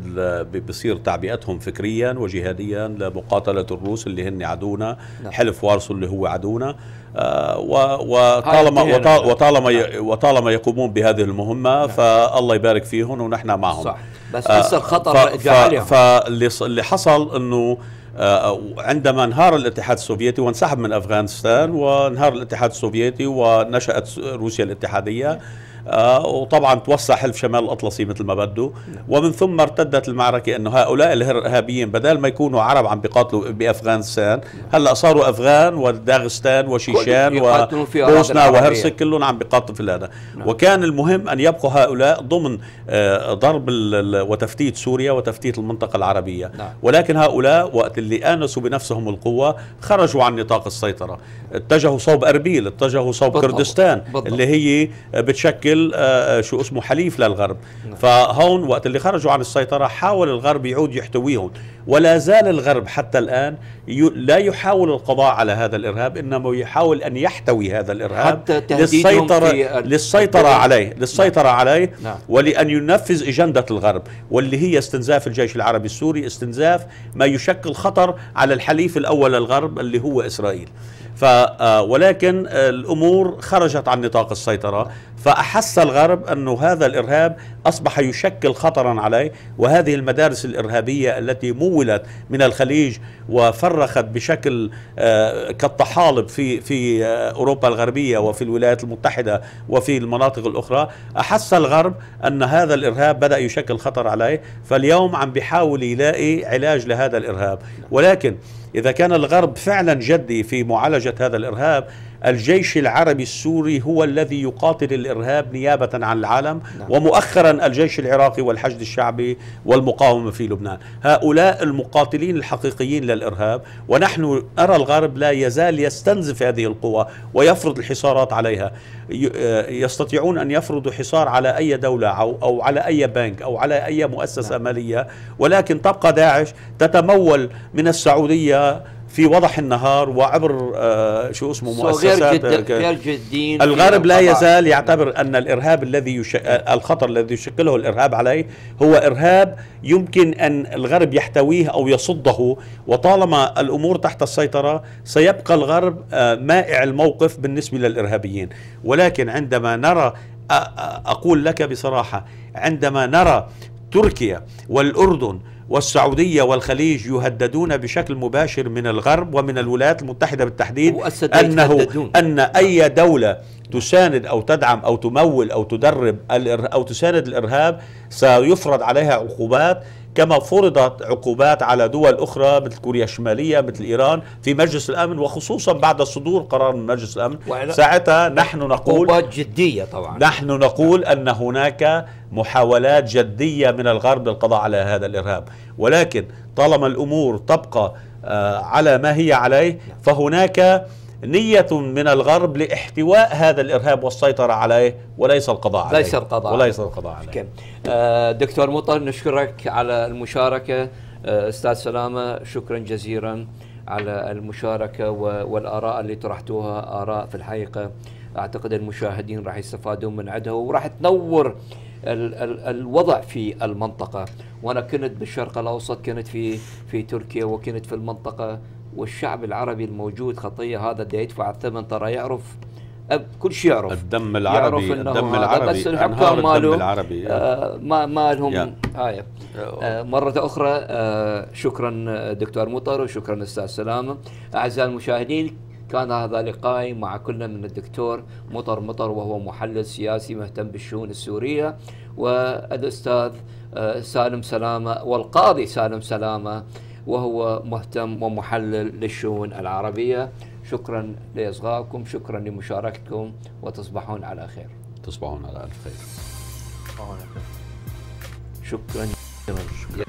بصير تعبئتهم فكريا وجهاديا لمقاتلة الروس اللي هن عدونا نعم. حلف وارسو اللي هو عدونا آه نعم. وطالما وطالما نعم. وطالما, وطالما يقومون بهذه المهمة نعم. فالله يبارك فيهم ونحن معهم صح بس لسه آه، الخطر جعلهم فاللي حصل أنه آه، عندما انهار الاتحاد السوفيتي وانسحب من افغانستان نعم. وانهار الاتحاد السوفيتي ونشات روسيا الاتحاديه آه، وطبعا توسع حلف شمال الأطلسي مثل ما بده ومن ثم ارتدت المعركة أنه هؤلاء الإرهابيين بدل ما يكونوا عرب عم بيقاتلوا بأفغانستان هلأ صاروا أفغان وداغستان وشيشان وبوسنا وهرسك كلهم عم بيقاتلوا في هذا نعم. وكان المهم أن يبقوا هؤلاء ضمن آه، ضرب وتفتيت سوريا وتفتيت المنطقة العربية نعم. ولكن هؤلاء وقت اللي آنسوا بنفسهم القوة خرجوا عن نطاق السيطرة اتجهوا صوب أربيل اتجهوا صوب كردستان اللي هي بتشكل بشكل آه، آه، شو اسمه حليف للغرب نعم. فهون وقت اللي خرجوا عن السيطرة حاول الغرب يعود يحتويهم ولا زال الغرب حتى الآن لا يحاول القضاء على هذا الإرهاب إنما يحاول أن يحتوي هذا الإرهاب حتى للسيطرة, للسيطرة عليه نعم. للسيطرة نعم. عليه نعم. ولأن ينفذ إجندة الغرب واللي هي استنزاف الجيش العربي السوري استنزاف ما يشكل خطر على الحليف الأول للغرب اللي هو إسرائيل ف آه، ولكن آه، الامور خرجت عن نطاق السيطره فاحس الغرب انه هذا الارهاب اصبح يشكل خطرا عليه وهذه المدارس الارهابيه التي مولت من الخليج وفرخت بشكل آه، كالطحالب في في اوروبا الغربيه وفي الولايات المتحده وفي المناطق الاخرى احس الغرب ان هذا الارهاب بدا يشكل خطر عليه فاليوم عم بيحاول يلاقي علاج لهذا الارهاب ولكن إذا كان الغرب فعلا جدي في معالجة هذا الإرهاب الجيش العربي السوري هو الذي يقاتل الإرهاب نيابة عن العالم نعم. ومؤخرا الجيش العراقي والحشد الشعبي والمقاومة في لبنان هؤلاء المقاتلين الحقيقيين للإرهاب ونحن نرى الغرب لا يزال يستنزف هذه القوى ويفرض الحصارات عليها آه، يستطيعون أن يفرضوا حصار على أي دولة أو, أو على أي بنك أو على أي مؤسسة نعم. مالية ولكن تبقى داعش تتمول من السعودية في وضح النهار وعبر آه شو اسمه مؤسسات غير, جد آه، غير جدين الغرب لا يزال يعتبر ان الارهاب الذي يش... آه، الخطر الذي يشكله الارهاب عليه هو ارهاب يمكن ان الغرب يحتويه او يصده وطالما الامور تحت السيطره سيبقى الغرب آه مائع الموقف بالنسبه للارهابيين ولكن عندما نرى آه، اقول لك بصراحه عندما نرى تركيا والاردن والسعودية والخليج يهددون بشكل مباشر من الغرب ومن الولايات المتحدة بالتحديد أنه أن أي دولة تساند أو تدعم أو تمول أو تدرب أو تساند الإرهاب سيفرض عليها عقوبات كما فرضت عقوبات على دول أخرى مثل كوريا الشمالية مثل إيران في مجلس الأمن وخصوصا بعد صدور قرار من مجلس الأمن ساعتها نحن نقول جدية طبعا نحن نقول أن هناك محاولات جدية من الغرب للقضاء على هذا الإرهاب ولكن طالما الأمور تبقى آه، على ما هي عليه نعم. فهناك نية من الغرب لاحتواء هذا الإرهاب والسيطرة عليه وليس القضاء عليه ليس القضاء وليس القضاء عليه, آه دكتور مطر نشكرك على المشاركة آه أستاذ سلامة شكرا جزيلا على المشاركة والآراء اللي طرحتوها آراء في الحقيقة أعتقد المشاهدين راح يستفادون من عندها وراح تنور ال ال الوضع في المنطقة وأنا كنت بالشرق الأوسط كنت في في تركيا وكنت في المنطقة والشعب العربي الموجود خطيه هذا بده يدفع الثمن ترى يعرف كل شيء يعرف الدم العربي يعرف الدم العربي بس الحكام ماله العربي آه ما مالهم آه, آه, مرة أخرى آه شكرا آه، دكتور مطر وشكرا أستاذ سلامة أعزائي المشاهدين كان هذا لقائي مع كل من الدكتور مطر مطر وهو محلل سياسي مهتم بالشؤون السورية والأستاذ آه، سالم سلامة والقاضي سالم سلامة وهو مهتم ومحلل للشؤون العربية شكرا لإصغائكم شكرا لمشاركتكم وتصبحون على خير تصبحون على ألف خير شكرا شكرا